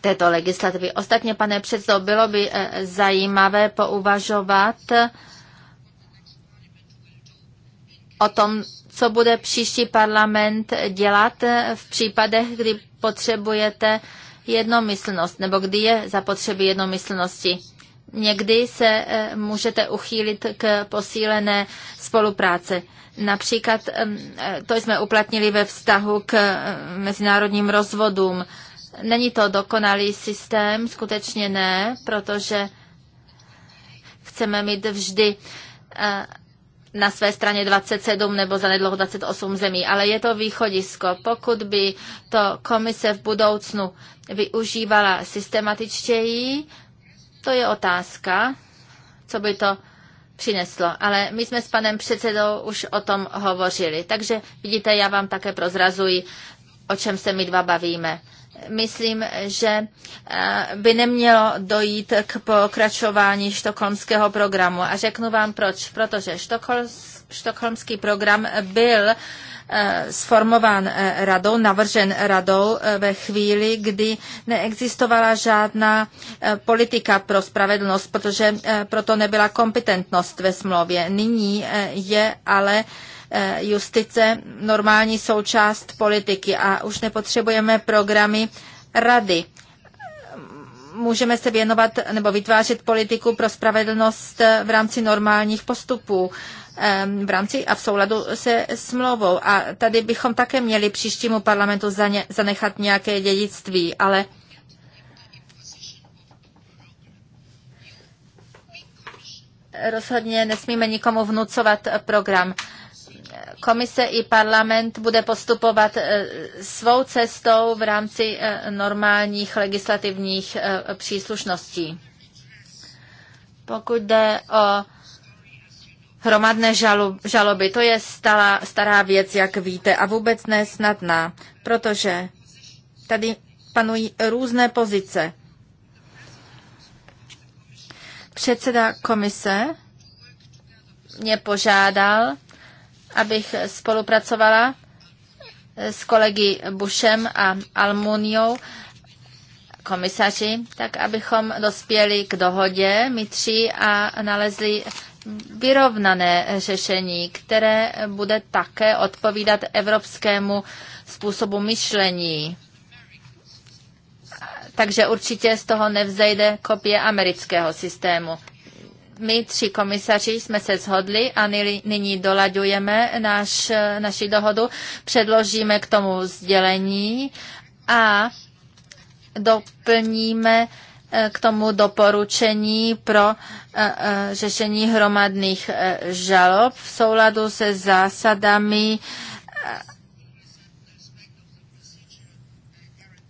Speaker 2: této legislativy. Ostatně, pane předsedo, bylo by eh, zajímavé pouvažovat o tom, co bude příští parlament dělat eh, v případech, kdy potřebujete jednomyslnost, nebo kdy je zapotřebí jednomyslnosti. Někdy se eh, můžete uchýlit k posílené spolupráci. Například eh, to jsme uplatnili ve vztahu k eh, mezinárodním rozvodům. Není to dokonalý systém, skutečně ne, protože chceme mít vždy na své straně 27 nebo zanedlouho 28 zemí, ale je to východisko. Pokud by to komise v budoucnu využívala systematičtěji, to je otázka, co by to přineslo. Ale my jsme s panem předsedou už o tom hovořili. Takže vidíte, já vám také prozrazuji, o čem se my dva bavíme. Myslím, že eh, by nemělo dojít k pokračování štokholmského programu. A řeknu vám proč. Protože štokholmský štokholmský program byl eh, sformován eh, radou, navržen radou eh, ve chvíli, kdy neexistovala žádná politika pro spravedlnost, protože proto nebyla kompetentnost ve smlouvě. Nyní je ale justice normální součást politiky a už nepotřebujeme programy rady můžeme se věnovat nebo vytvářet politiku pro spravedlnost v rámci normálních postupů v rámci a v souladu se smlouvou. A tady bychom také měli příštímu parlamentu zanechat nějaké dědictví, ale rozhodně nesmíme nikomu vnucovat program. Komise i parlament bude postupovat eh, svou cestou v rámci eh, normálních legislativních eh, příslušností. Pokud jde o hromadné žaloby. To je stala, stará věc, jak víte, a vůbec nesnadná, protože tady panují různé pozice. Předseda komise mě požádal, abych spolupracovala s kolegy Bushem a Almuniou, komisaři, tak abychom dospěli k dohodě, my tři, a nalezli vyrovnané řešení, které bude také odpovídat evropskému způsobu myšlení. Takže určitě z toho nevzejde kopie amerického systému. My tři komisaři jsme se shodli a nyní dolaďujeme naš, naši dohodu, předložíme k tomu sdělení a doplníme uh, k tomu doporučení pro eh, eh, řešení hromadných eh, žalob v souladu se zásadami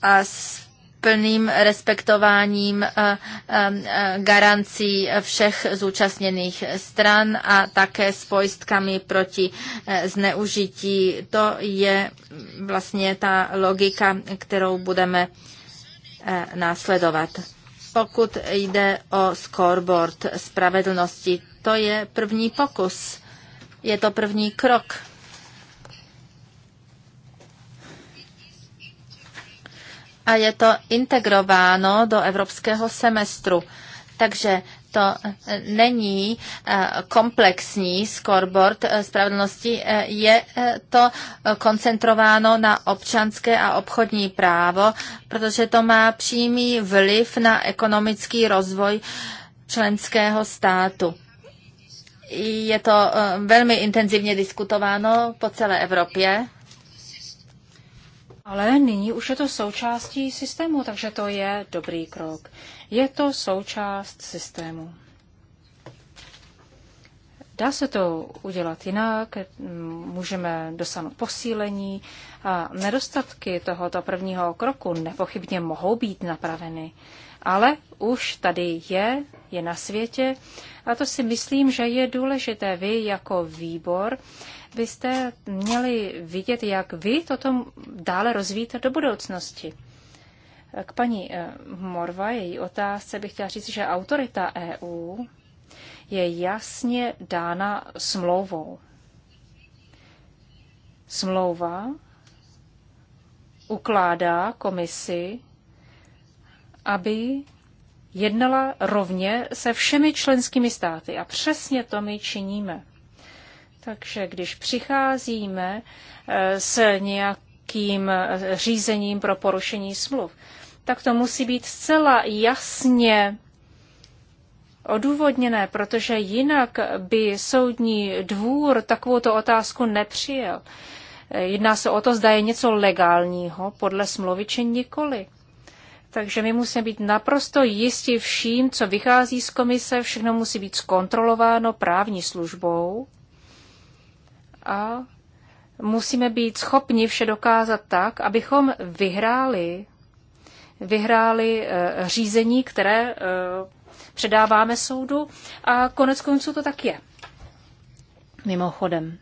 Speaker 2: a s plným respektováním garancí všech zúčastněných stran a také s pojistkami proti zneužití. To je vlastně ta logika, kterou budeme následovat pokud jde o scoreboard spravedlnosti. To je první pokus, je to první krok. A je to integrováno do evropského semestru. Takže to není eh, komplexní scoreboard eh, spravedlnosti, eh, je to koncentrováno na občanské a obchodní právo, protože to má přímý vliv na ekonomický rozvoj členského státu. Je to velmi intenzivně diskutováno po celé Evropě. Ale nyní už je to
Speaker 3: součástí systému, takže to je dobrý krok. Je to součást systému. Dá se to udělat jinak, můžeme dosáhnout posílení a nedostatky tohoto prvního kroku nepochybně mohou být napraveny. Ale už tady je, je na světě a to si myslím, že je důležité. Vy jako výbor byste měli vidět, jak vy toto dále rozvíjíte do budoucnosti. K paní eh, Morva, její otázce bych chtěla říct, že autorita EU je jasně dána smlouvou. Smlouva ukládá komisi, aby jednala rovně se všemi členskými státy. A přesně to my činíme. Takže když přicházíme eh, s nějakým eh, řízením pro porušení smluv, tak to musí být zcela jasně odůvodněné, protože jinak by soudní dvůr takovouto otázku nepřijel. Jedná se o to, zda je něco legálního podle smlouvy či nikoli. Takže my musíme být naprosto jistí vším, co vychází z komise, všechno musí být zkontrolováno právní službou a musíme být schopni vše dokázat tak, abychom vyhráli vyhráli eh, řízení, které eh, předáváme soudu a konec konců to tak je. Mimochodem.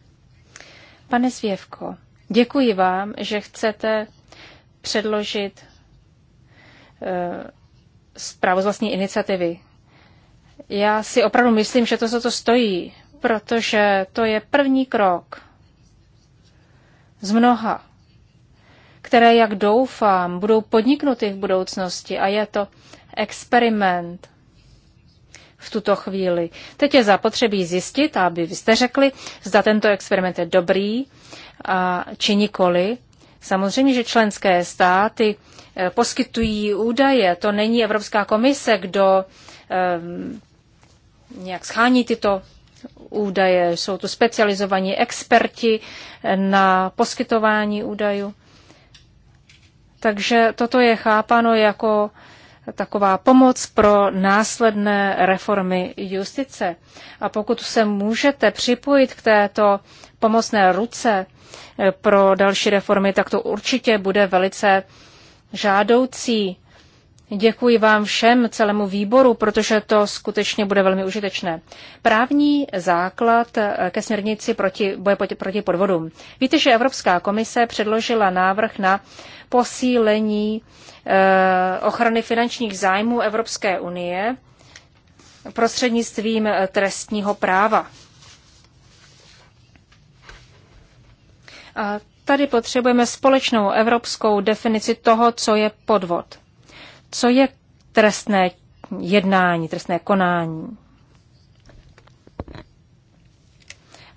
Speaker 3: Pane Zvěvko, děkuji vám, že chcete předložit eh, zprávu z vlastní iniciativy. Já si opravdu myslím, že to za to stojí, protože to je první krok z mnoha které, jak doufám, budou podniknuty v budoucnosti a je to experiment v tuto chvíli. Teď je zapotřebí zjistit, aby vy jste řekli, zda tento experiment je dobrý a, či nikoli. Samozřejmě, že členské státy eh, poskytují údaje. To není Evropská komise, kdo um, nějak schání tyto údaje. Jsou tu specializovaní experti na poskytování údajů. Takže toto je chápano jako taková pomoc pro následné reformy justice. A pokud se můžete připojit k této pomocné ruce eh, pro další reformy, tak to určitě bude velice žádoucí. Děkuji vám všem, celému výboru, protože to skutečně bude velmi užitečné. Právní základ eh, ke směrnici proti, boje proti podvodům. Víte, že Evropská komise předložila návrh na posílení eh, ochrany finančních zájmů Evropské unie prostřednictvím eh, trestního práva. A tady potřebujeme společnou evropskou definici toho, co je podvod co je trestné jednání, trestné konání.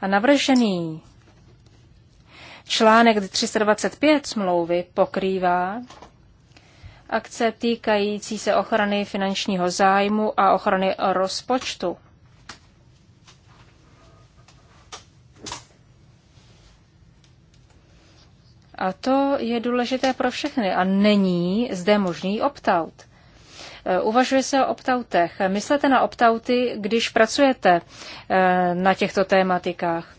Speaker 3: A navržený článek 325 smlouvy pokrývá akce týkající se ochrany finančního zájmu a ochrany rozpočtu. A to je důležité pro všechny a není zde možný opt-out. E, uvažuje se o optautech. Myslete na optauty, když pracujete e, na těchto tématikách.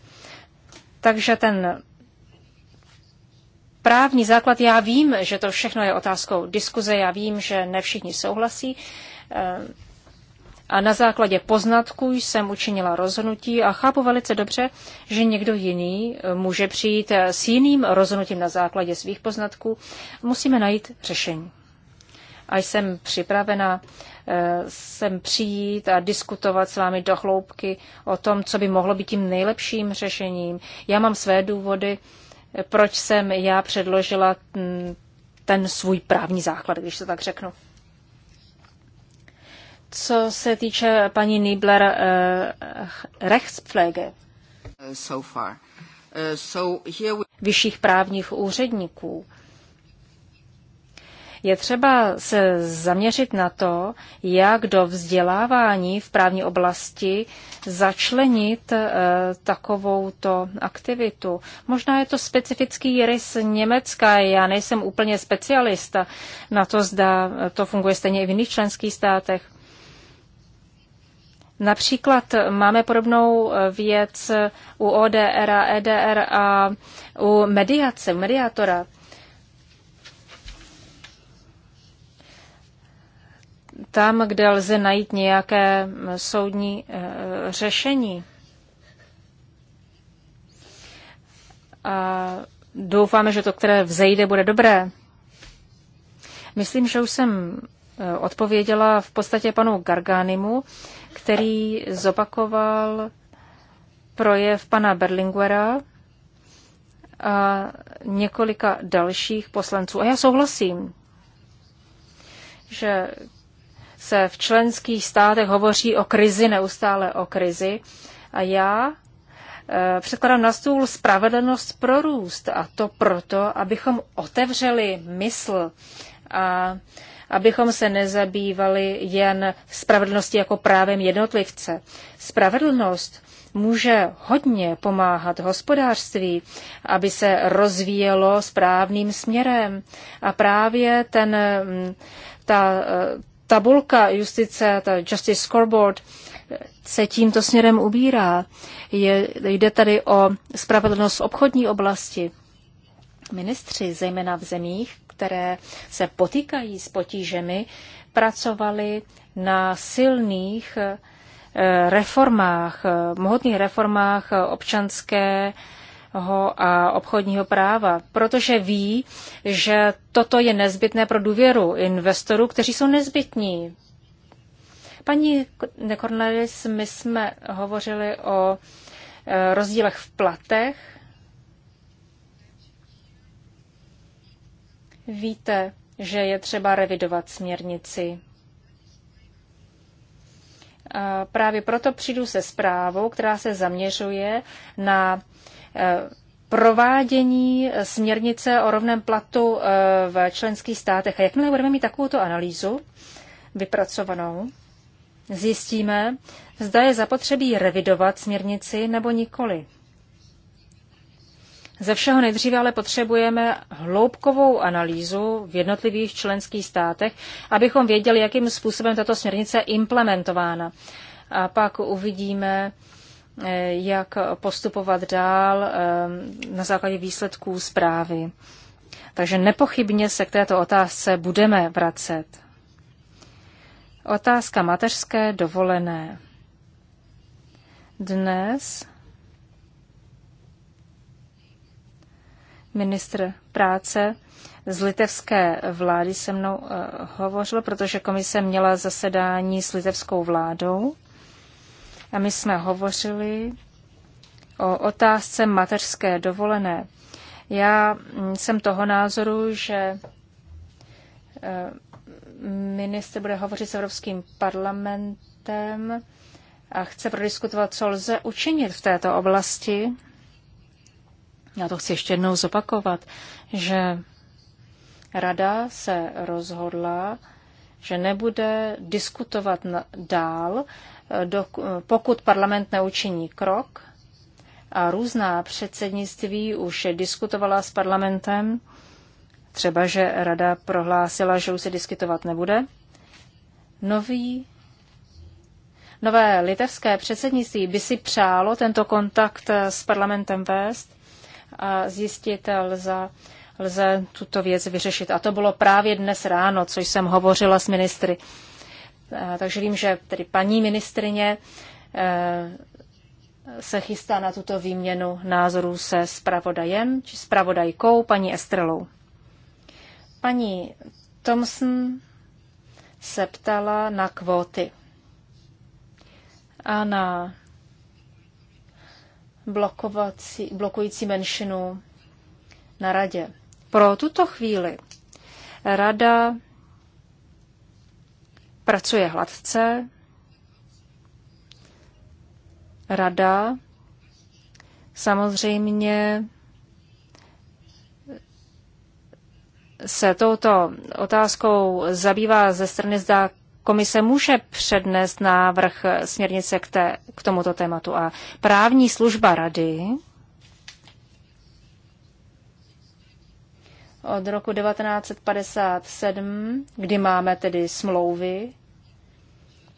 Speaker 3: Takže ten právní základ, já vím, že to všechno je otázkou diskuze, já vím, že ne všichni souhlasí e, a na základě poznatků jsem učinila rozhodnutí a chápu velice dobře, že někdo jiný e, může přijít e, s jiným rozhodnutím na základě svých poznatků. Musíme najít řešení. A jsem připravena e, sem přijít a diskutovat s vámi do hloubky o tom, co by mohlo být tím nejlepším řešením. Já mám své důvody, proč jsem já předložila mm, ten svůj právní základ, když to tak řeknu. Co se týče paní Niebler eh, Rechtspflege,
Speaker 2: so far. Uh, so here we...
Speaker 3: vyšších právních úředníků, je třeba se zaměřit na to, jak do vzdělávání v právní oblasti začlenit e, takovouto aktivitu. Možná je to specifický rys Německa, já nejsem úplně specialista na to, zda to funguje stejně i v jiných členských státech. Například máme podobnou věc u ODR a e EDR a u mediace, u mediátora. Tam, kde lze najít nějaké soudní eh, řešení. A doufáme, že to, které vzejde, bude dobré. Myslím, že už jsem Eh, odpověděla v podstatě panu Garganimu, který zopakoval projev pana Berlinguera a několika dalších poslanců. A já souhlasím, že se v členských státech hovoří o krizi, neustále o krizi. A já eh, předkladám na stůl spravedlnost pro růst. A to proto, abychom otevřeli mysl a abychom se nezabývali jen spravedlností jako právem jednotlivce. Spravedlnost může hodně pomáhat hospodářství, aby se rozvíjelo správným směrem. A právě ten, mm, ta eh, tabulka justice, ta Justice Scoreboard, eh, se tímto směrem ubírá. Je, jde tady o spravedlnost v obchodní oblasti. Ministři, zejména v zemích, které se potýkají s potížemi, pracovali na silných eh, reformách, eh, mohutných reformách občanské a obchodního práva, protože ví, že toto je nezbytné pro důvěru investorů, kteří jsou nezbytní. Paní Nekornelis, my jsme hovořili o eh, rozdílech v platech Víte, že je třeba revidovat směrnici. právě proto přijdu se zprávou, která se zaměřuje na e, provádění směrnice o rovném platu e, v členských státech. A jakmile budeme mít takovouto analýzu vypracovanou, zjistíme, zda je zapotřebí revidovat směrnici nebo nikoli. Ze všeho nejdříve ale potřebujeme hloubkovou analýzu v jednotlivých členských státech, abychom věděli, jakým způsobem tato směrnice je implementována. A pak uvidíme, eh, jak postupovat dál eh, na základě výsledků zprávy. Takže nepochybně se k této otázce budeme vracet. Otázka mateřské dovolené. Dnes ministr práce z litevské vlády se mnou eh, hovořil, protože komise měla zasedání s litevskou vládou a my jsme hovořili o otázce mateřské dovolené. Já mm, jsem toho názoru, že eh, ministr bude hovořit s Evropským parlamentem a chce prodiskutovat, co lze učinit v této oblasti já to chci ještě jednou zopakovat, že rada se rozhodla, že nebude diskutovat dál, eh, pokud parlament neučiní krok. A různá předsednictví už diskutovala s parlamentem, třeba že rada prohlásila, že už se diskutovat nebude. Nový Nové litevské předsednictví by si přálo tento kontakt eh, s parlamentem vést, a zjistit lze, lze tuto věc vyřešit. A to bylo právě dnes ráno, co jsem hovořila s ministry. Takže vím, že tedy paní ministrině e, se chystá na tuto výměnu názorů se spravodajem či spravodajkou paní Estrelou. Paní Thompson se ptala na kvóty a na blokovací, blokující menšinu na radě. Pro tuto chvíli rada pracuje hladce, rada samozřejmě se touto otázkou zabývá ze strany, zda komise může přednést návrh směrnice k, té, k tomuto tématu. A právní služba rady od roku 1957, kdy máme tedy smlouvy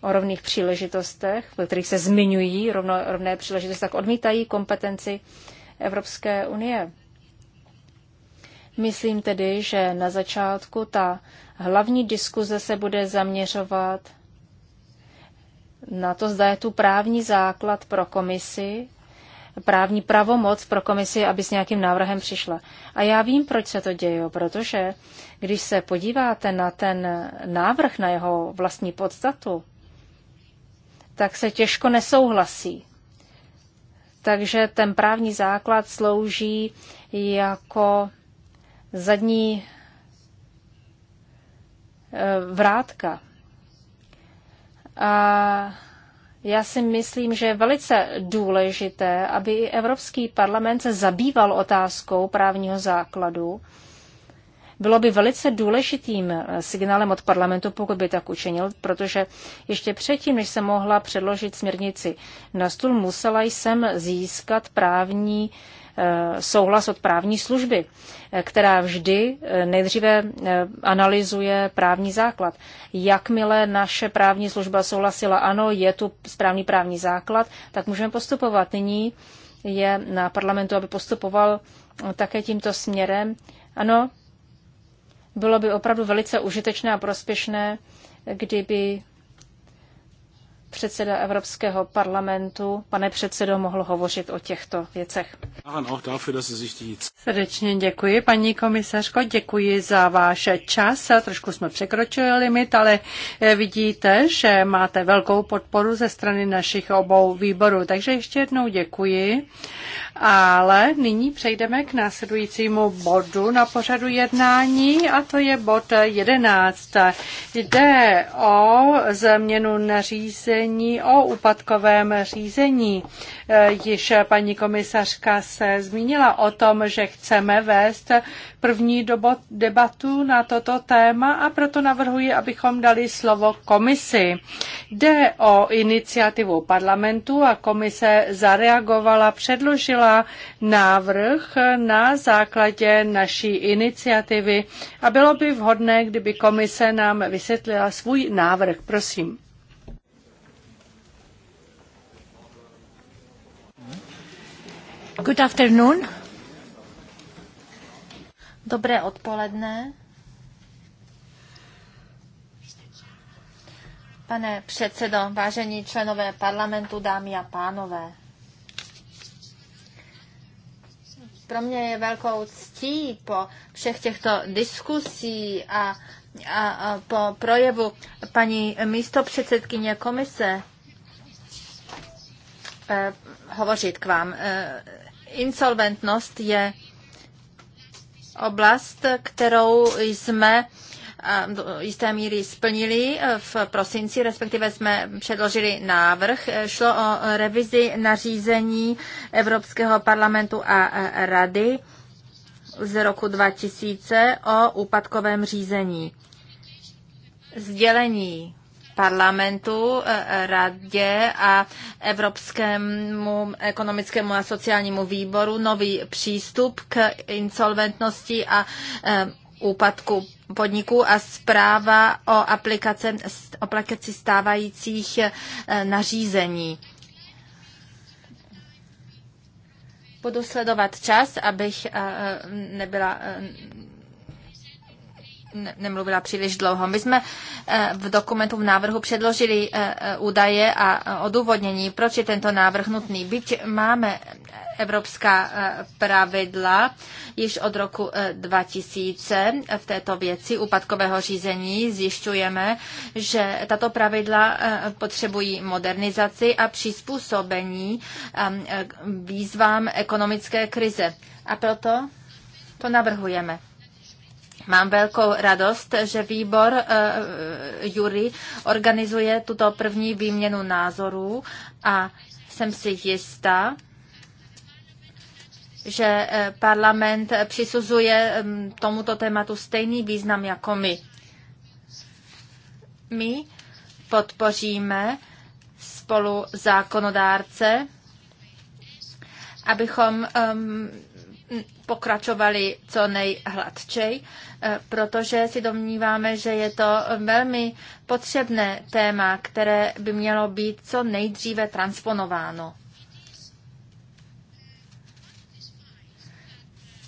Speaker 3: o rovných příležitostech, ve kterých se zmiňují rovno, rovné příležitosti, tak odmítají kompetenci Evropské unie. Myslím tedy, že na začátku ta Hlavní diskuze se bude zaměřovat na to, zda je tu právní základ pro komisi, právní pravomoc pro komisi, aby s nějakým návrhem přišla. A já vím, proč se to děje, protože když se podíváte na ten návrh, na jeho vlastní podstatu, tak se těžko nesouhlasí. Takže ten právní základ slouží jako zadní Eh, vrátka. A já si myslím, že je velice důležité, aby i Evropský parlament se zabýval otázkou právního základu. Bylo by velice důležitým eh, signálem od parlamentu, pokud by tak učinil, protože ještě předtím, než se mohla předložit směrnici na stůl, musela jsem získat právní uh, Eh, souhlas od právní služby, eh, která vždy eh, nejdříve analyzuje právní základ. Jakmile naše právní služba souhlasila, ano, je tu správný právní základ, tak můžeme postupovat. Nyní je na parlamentu, aby postupoval také tímto směrem. Ano, bylo by opravdu velice užitečné a prospěšné, kdyby předseda
Speaker 1: Evropského parlamentu, pane předsedo, mohl hovořit o těchto věcech. Srdečně děkuji, paní komisařko, děkuji za váš čas. Trošku jsme překročili limit, ale eh, vidíte, že máte velkou podporu ze strany našich obou výborů. Takže ještě jednou děkuji. Ale nyní přejdeme k následujícímu bodu na pořadu jednání a to je bod 11. Jde o změnu nařízení nařízení o úpadkovém řízení. E, již paní komisařka se zmínila o tom, že chceme vést první debatu na toto téma a proto navrhuji, abychom dali slovo komisi. Jde o iniciativu parlamentu a komise zareagovala, předložila návrh na základě naší iniciativy a bylo by vhodné, kdyby komise nám vysvětlila svůj návrh. Prosím. Good afternoon.
Speaker 2: Dobré odpoledne. Pane předsedo, vážení členové parlamentu, dámy a pánové. Pro mě je velkou ctí po všech těchto diskusí a, a, a po projevu paní místopředsedkyně komise eh, hovořit k vám. Eh, insolventnost je oblast, kterou jsme do jisté míry splnili e, v prosinci, respektive jsme předložili návrh. E, šlo o revizi nařízení Evropského parlamentu a e, rady z roku 2000 o úpadkovém řízení. Sdělení parlamentu, eh, radě a Evropskému ekonomickému a sociálnímu výboru nový přístup k insolventnosti a eh, úpadku podniků a zpráva o aplikace, aplikaci stávajících eh, nařízení. Budu sledovat čas, abych nebyla nemluvila příliš dlouho. My jsme eh, v dokumentu v návrhu předložili eh, eh, údaje a odůvodnění, proč je tento návrh nutný. Byť máme evropská pravidla již od roku 2000 v této věci úpadkového řízení, zjišťujeme, že tato pravidla potřebují modernizaci a přizpůsobení výzvám ekonomické krize. A proto to navrhujeme. Mám velkou radost, že výbor uh, Jury organizuje tuto první výměnu názorů a jsem si jistá, že eh, parlament přisuzuje mm, tomuto tématu stejný význam jako my. My podpoříme spolu zákonodárce, abychom um, Pokračovali co nejhladčej, eh, protože si domníváme, že je to velmi potřebné téma, které by mělo být co nejdříve transponováno.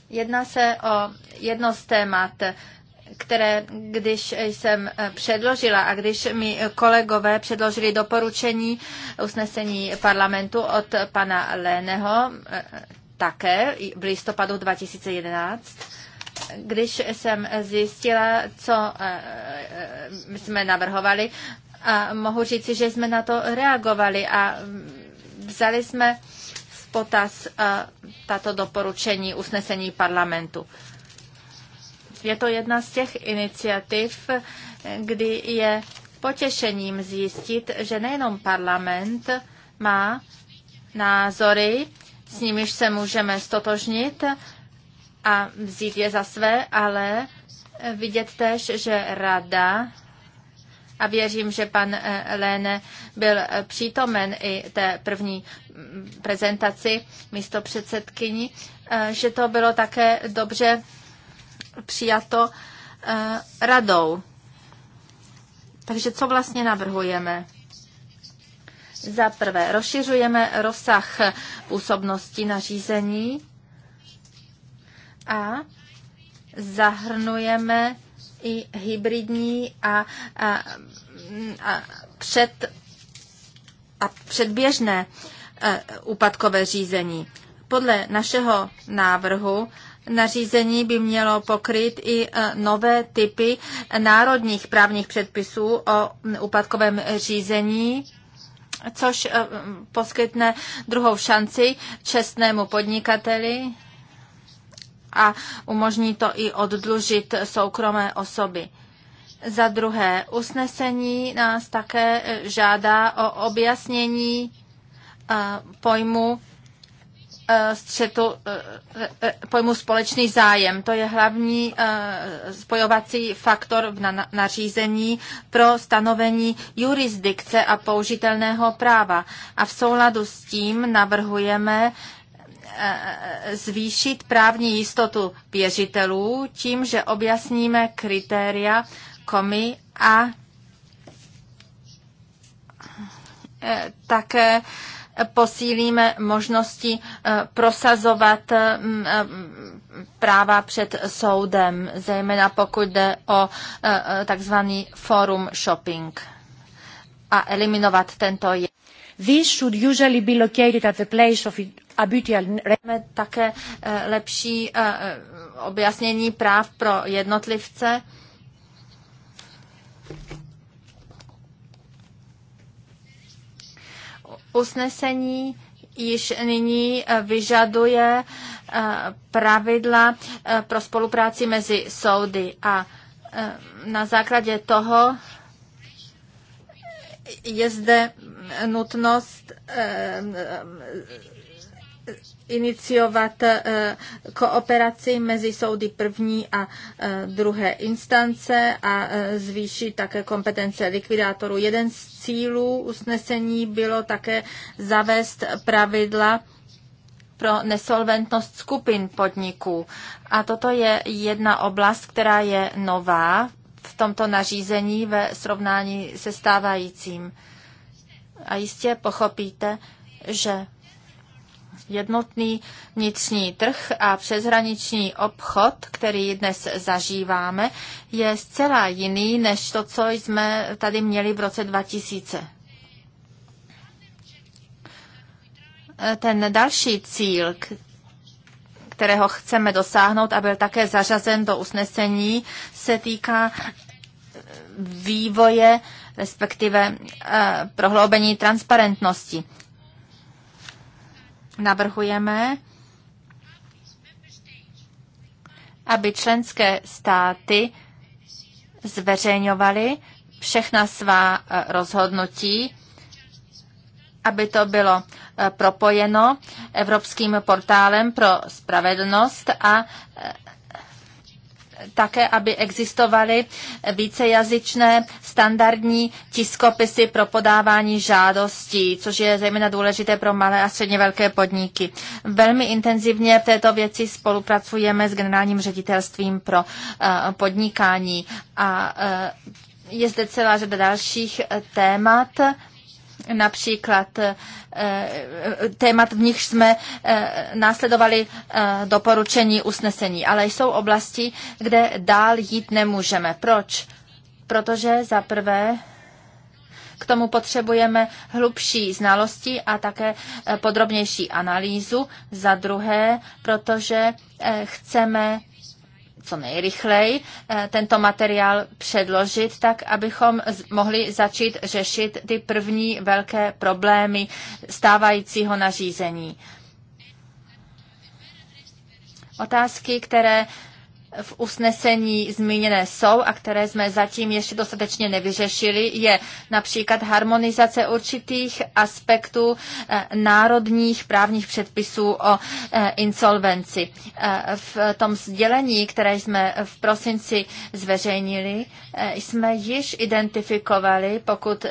Speaker 2: Jedná se o jedno z témat, které, když jsem předložila a když mi kolegové předložili doporučení usnesení parlamentu od pana Léneho, také v listopadu 2011, když jsem zjistila, co eh, eh, jsme navrhovali, a mohu říci, že jsme na to reagovali a vzali jsme v potaz eh, tato doporučení usnesení parlamentu. Je to jedna z těch iniciativ, kdy je potěšením zjistit, že nejenom parlament má názory, s nimiž se můžeme stotožnit a vzít je za své, ale vidět tež, že rada a věřím, že pan eh, Léne byl eh, přítomen i té první mm, prezentaci místo předsedkyni, eh, že to bylo také dobře přijato radou. Takže co vlastně navrhujeme? Za prvé, rozšiřujeme rozsah působnosti nařízení a zahrnujeme i hybridní a, a, a před a předběžné e, úpadkové řízení. Podle našeho návrhu nařízení by mělo pokryt i e, nové typy národních právních předpisů o úpadkovém řízení což eh, poskytne druhou šanci čestnému podnikateli a umožní to i oddlužit soukromé osoby. Za druhé, usnesení nás také eh, žádá o objasnění eh, pojmu Eh, střetu eh, eh, pojmu společný zájem. To je hlavní spojovací faktor v nařízení pro stanovení jurisdikce a použitelného práva. A v souladu s tím navrhujeme zvýšit právní jistotu věřitelů tím, že objasníme kritéria komy a také posílíme možnosti eh, prosazovat eh, eh, práva před soudem, zejména pokud jde o takzvaný forum shopping a eliminovat tento je. These should usually be located at the place of habitual... Také lepší objasnění práv pro jednotlivce Usnesení již nyní eh, vyžaduje eh, pravidla eh, pro spolupráci mezi soudy a na základě toho je zde nutnost iniciovat eh, kooperaci mezi soudy první a eh, druhé instance a eh, zvýšit také kompetence likvidátorů. Jeden z cílů usnesení bylo také zavést pravidla pro nesolventnost skupin podniků. A toto je jedna oblast, která je nová v tomto nařízení ve srovnání se stávajícím. A jistě pochopíte, že Jednotný vnitřní trh a přeshraniční obchod, který dnes zažíváme, je zcela jiný než to, co jsme tady měli v roce 2000. Ten další cíl, kterého chceme dosáhnout a byl také zařazen do usnesení, se týká vývoje, respektive eh, prohloubení transparentnosti navrhujeme, aby členské státy zveřejňovaly všechna svá eh, rozhodnutí, aby to bylo eh, propojeno Evropským portálem pro spravedlnost a eh, také, aby existovaly vícejazyčné standardní tiskopisy pro podávání žádostí, což je zejména důležité pro malé a středně velké podniky. Velmi intenzivně v této věci spolupracujeme s generálním ředitelstvím pro eh, podnikání a eh, je zde celá řada dalších eh, témat například eh, témat, v nich jsme eh, následovali eh, doporučení usnesení, ale jsou oblasti, kde dál jít nemůžeme. Proč? Protože za prvé k tomu potřebujeme hlubší znalosti a také podrobnější analýzu. Za druhé, protože chceme co nejrychleji eh, tento materiál předložit, tak abychom mohli začít řešit ty první velké problémy stávajícího nařízení. Otázky, které v usnesení zmíněné jsou a které jsme zatím ještě dostatečně nevyřešili, je například harmonizace určitých aspektů eh, národních právních předpisů o eh, insolvenci. Eh, v tom sdělení, které jsme v prosinci zveřejnili, jsme již identifikovali, pokud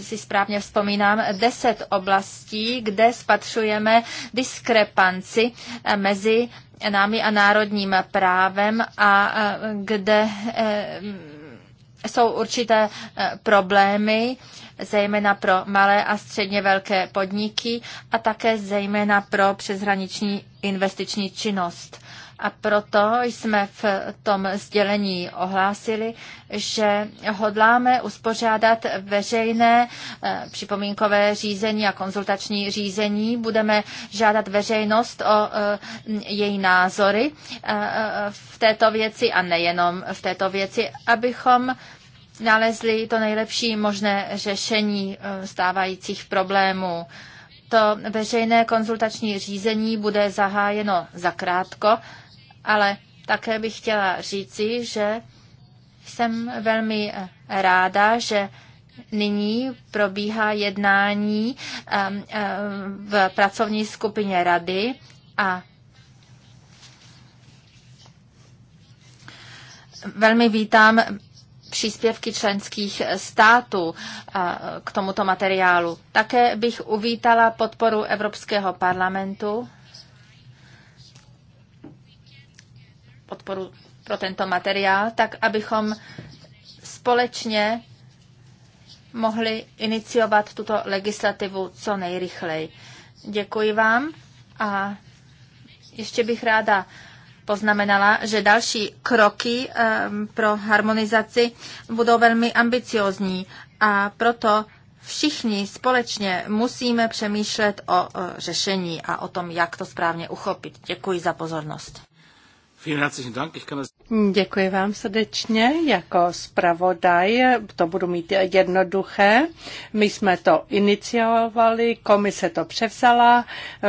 Speaker 2: si správně vzpomínám, deset oblastí, kde spatřujeme diskrepanci mezi námi a národním právem a kde e, jsou určité e, problémy, zejména pro malé a středně velké podniky a také zejména pro přeshraniční investiční činnost. A proto jsme v tom sdělení ohlásili, že hodláme uspořádat veřejné eh, připomínkové řízení a konzultační řízení. Budeme žádat veřejnost o eh, její názory eh, v této věci a nejenom v této věci, abychom nalezli to nejlepší možné řešení stávajících problémů. To veřejné konzultační řízení bude zahájeno zakrátko ale také bych chtěla říci, že jsem velmi eh, ráda, že Nyní probíhá jednání ehm, eh, v pracovní skupině rady a velmi vítám příspěvky členských států eh, k tomuto materiálu. Také bych uvítala podporu Evropského parlamentu podporu pro tento materiál, tak abychom společně mohli iniciovat tuto legislativu co nejrychleji. Děkuji vám a ještě bych ráda poznamenala, že další kroky ehm, pro harmonizaci budou velmi ambiciozní a proto všichni společně musíme přemýšlet o řešení a o tom, jak to správně uchopit. Děkuji za pozornost. Vielen herzlichen Dank. Ich kann das
Speaker 1: Děkuji vám srdečně. Jako zpravodaj to budu mít jednoduché. My jsme to iniciovali, komise to převzala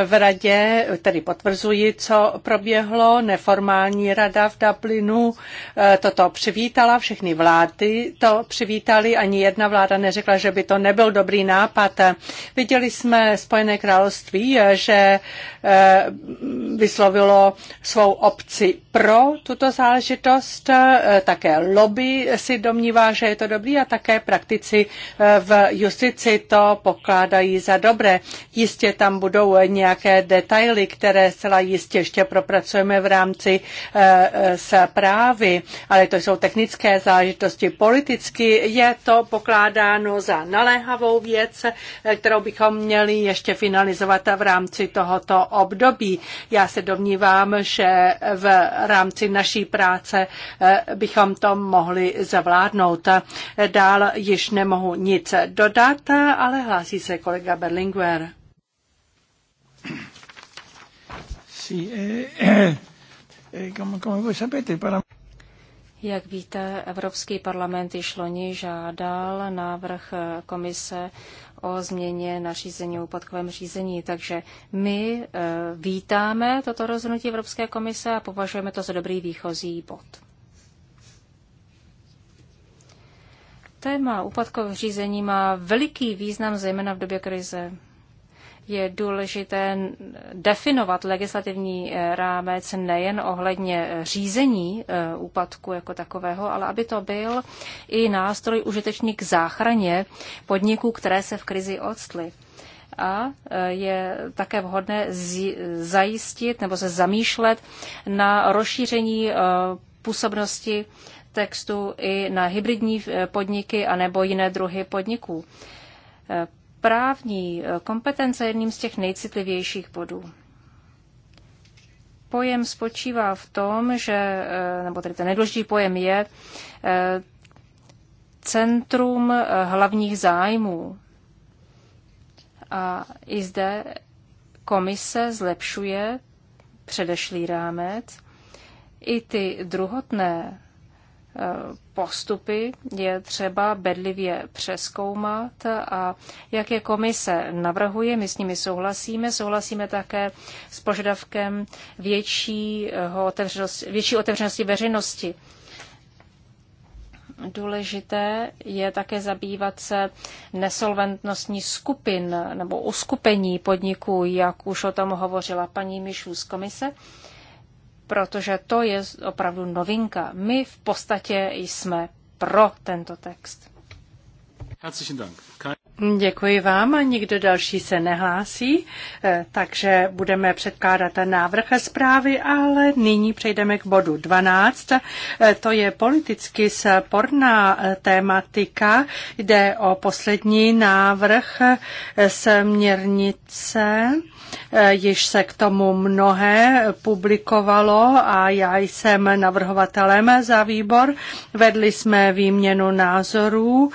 Speaker 1: v radě, tedy potvrzuji, co proběhlo. Neformální rada v Dublinu eh, toto přivítala, všechny vlády to přivítali, ani jedna vláda neřekla, že by to nebyl dobrý nápad. Viděli jsme Spojené království, eh, že eh, vyslovilo svou obci pro tuto záležitost záležitost, eh, také lobby si domnívá, že je to dobrý a také praktici eh, v justici to pokládají za dobré. Jistě tam budou nějaké detaily, které zcela jistě ještě propracujeme v rámci eh, zprávy, ale to jsou technické záležitosti. Politicky je to pokládáno za naléhavou věc, kterou bychom měli ještě finalizovat v rámci tohoto období. Já se domnívám, že v rámci naší práce práce eh, bychom to mohli zavládnout. Eh, dál již nemohu nic dodat, eh, ale hlásí se kolega Berlinguer.
Speaker 3: Jak víte, Evropský parlament již loni žádal návrh komise o změně nařízení o úpadkovém řízení. Takže my eh, vítáme toto rozhodnutí Evropské komise a považujeme to za dobrý výchozí bod. Téma úpadkového řízení má veliký význam, zejména v době krize je důležité definovat legislativní eh, rámec nejen ohledně eh, řízení eh, úpadku jako takového, ale aby to byl i nástroj užitečný k záchraně podniků, které se v krizi odstly a je také vhodné zajistit nebo se zamýšlet na rozšíření působnosti textu i na hybridní podniky anebo jiné druhy podniků právní eh, kompetence je jedním z těch nejcitlivějších bodů. Pojem spočívá v tom, že, eh, nebo tedy ten nejdůležitý pojem je eh, centrum hlavních zájmů. A i zde komise zlepšuje předešlý rámec. I ty druhotné postupy je třeba bedlivě přeskoumat a jak je komise navrhuje, my s nimi souhlasíme. Souhlasíme také s požadavkem většího otevřenosti, větší otevřenosti veřejnosti. Důležité je také zabývat se nesolventnostní skupin nebo uskupení podniků, jak už o tom hovořila paní Mišů z komise protože to je opravdu novinka. My v podstatě jsme pro tento text. Herzlichen Dank.
Speaker 1: Děkuji vám. Nikdo další se nehlásí, eh, takže budeme předkládat návrh zprávy, ale nyní přejdeme k bodu 12. Eh, to je politicky sporná eh, tématika. Jde o poslední návrh směrnice. Již se k tomu mnohé publikovalo a já jsem navrhovatelem za výbor. Vedli jsme výměnu názorů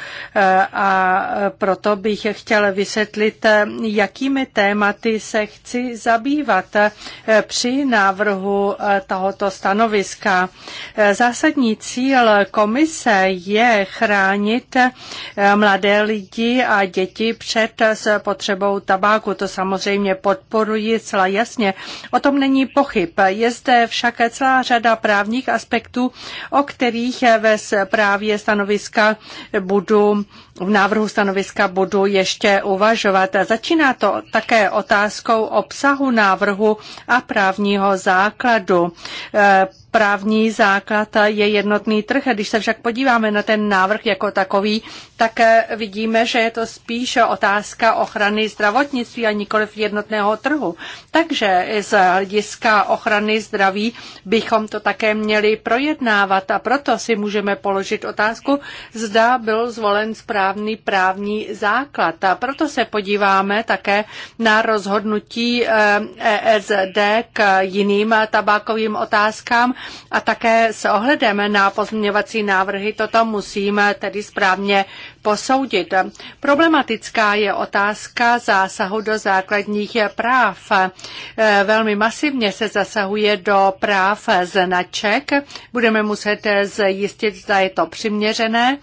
Speaker 1: a proto proto bych chtěl vysvětlit, jakými tématy se chci zabývat eh, při návrhu eh, tohoto stanoviska. Eh, zásadní cíl komise je chránit mladé lidi a děti před potřebou tabáku. To samozřejmě podporuji celá jasně. O tom není pochyb. Je zde však celá řada právních aspektů, o kterých ve zprávě stanoviska budu v návrhu stanoviska budu ještě uvažovat. Začíná to také otázkou obsahu návrhu a právního základu. Eh, právní základ je jednotný trh. Když se však podíváme na ten návrh jako takový, tak eh, vidíme, že je to spíš otázka ochrany zdravotnictví a nikoli jednotného trhu. Takže z hlediska ochrany zdraví bychom to také měli projednávat a proto si můžeme položit otázku, zda byl zvolen správný právní základ. A proto se podíváme také na rozhodnutí ESD eh, e k jiným tabákovým otázkám, a také s ohledem na pozměňovací návrhy toto musíme tedy správně posoudit. Problematická je otázka zásahu do základních práv. E, velmi masivně se zasahuje do práv značek. Budeme muset zjistit, zda je to přiměřené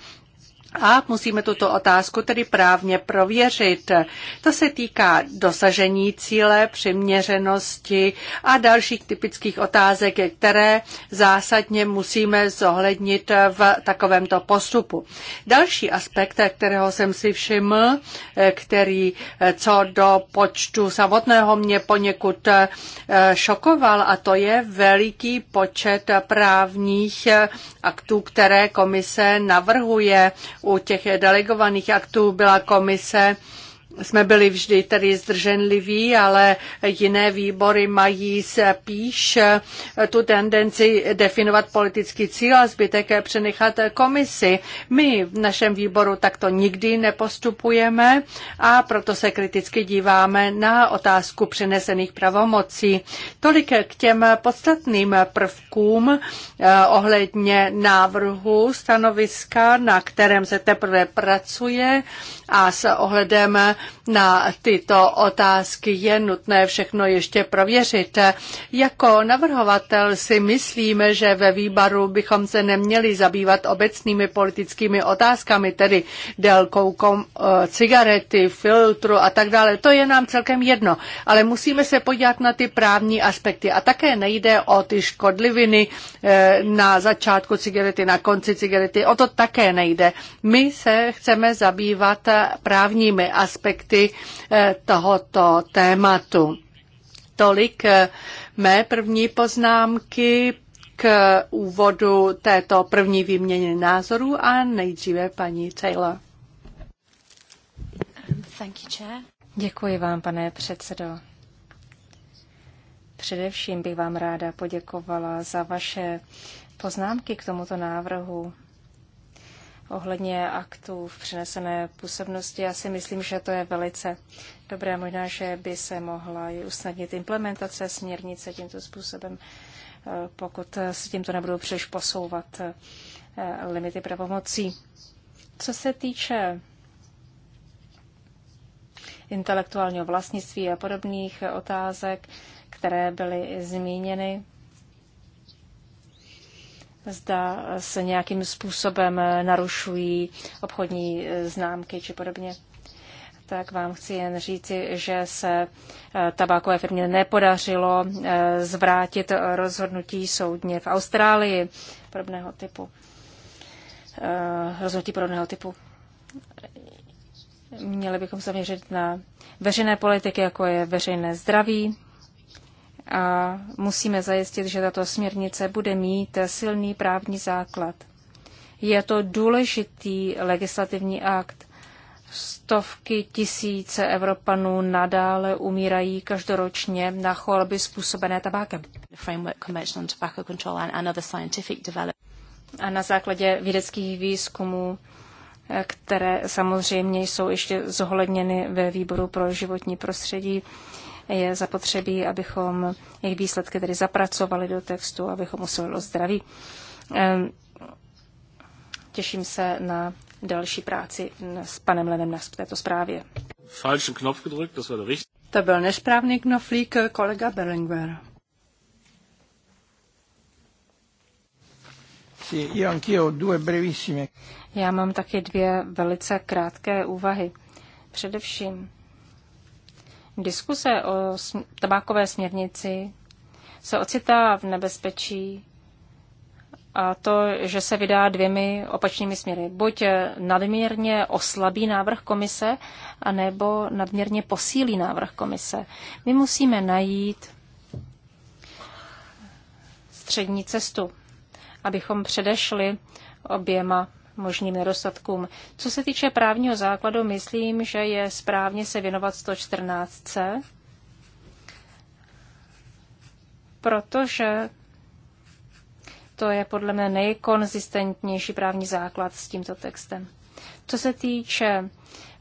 Speaker 1: a musíme tuto otázku tedy právně prověřit. To se týká dosažení cíle, přiměřenosti a dalších typických otázek, které zásadně musíme zohlednit v takovémto postupu. Další aspekt, kterého jsem si všiml, který co do počtu samotného mě poněkud eh, šokoval, a to je veliký počet právních aktů, které komise navrhuje u těch delegovaných aktů byla komise jsme byli vždy tedy zdrženliví, ale jiné výbory mají spíš eh, tu tendenci definovat politický cíl a zbytek přenechat komisi. My v našem výboru takto nikdy nepostupujeme a proto se kriticky díváme na otázku přenesených pravomocí. Tolik k těm podstatným prvkům eh, ohledně návrhu stanoviska, na kterém se teprve pracuje a s ohledem na tyto otázky je nutné všechno ještě prověřit. Jako navrhovatel si myslíme, že ve výbaru bychom se neměli zabývat obecnými politickými otázkami, tedy délkou kom, eh, cigarety, filtru a tak dále. To je nám celkem jedno, ale musíme se podívat na ty právní aspekty. A také nejde o ty škodliviny eh, na začátku cigarety, na konci cigarety. O to také nejde. My se chceme zabývat právními aspekty eh, tohoto tématu. Tolik eh, mé první poznámky k úvodu této první výměny názorů a nejdříve paní Taylor.
Speaker 2: Thank you, chair.
Speaker 1: Děkuji vám,
Speaker 3: pane předsedo. Především bych vám ráda poděkovala za vaše poznámky k tomuto návrhu ohledně aktů v přenesené působnosti. Já si myslím, že to je velice dobré. Možná, že by se mohla i usnadnit implementace směrnice tímto způsobem, eh, pokud se tímto nebudou příliš posouvat eh, limity pravomocí. Co se týče intelektuálního vlastnictví a podobných otázek, které byly zmíněny, zda se nějakým způsobem narušují obchodní známky či podobně. Tak vám chci jen říci, že se eh, tabákové firmě nepodařilo eh, zvrátit rozhodnutí soudně v Austrálii podobného typu. Eh, rozhodnutí podobného typu. Měli bychom zaměřit na veřejné politiky, jako je veřejné zdraví, a musíme zajistit, že tato směrnice bude mít silný právní základ. Je to důležitý legislativní akt. Stovky tisíce Evropanů nadále umírají každoročně na choroby způsobené tabákem. A na základě vědeckých výzkumů, eh, které samozřejmě jsou ještě zohledněny ve výboru pro životní prostředí, je zapotřebí, abychom jejich výsledky tedy zapracovali do textu, abychom usilovali o zdraví. Ehm, těším se na
Speaker 1: další práci s panem Lenem na této zprávě.
Speaker 2: gedrückt, das war der richtige.
Speaker 1: To byl nesprávný knoflík eh, kolega Berlinguer. Já mám
Speaker 3: taky dvě velice krátké úvahy. Především Diskuse o tabákové směrnici se ocitá v nebezpečí a to, že se vydá dvěmi opačnými směry. Buď nadměrně oslabí návrh komise, anebo nadměrně posílí návrh komise. My musíme najít střední cestu, abychom předešli oběma možným nedostatkům. Co se týče právního základu, myslím, že je správně se věnovat 114c, protože to je podle mě nejkonzistentnější právní základ s tímto textem. Co se týče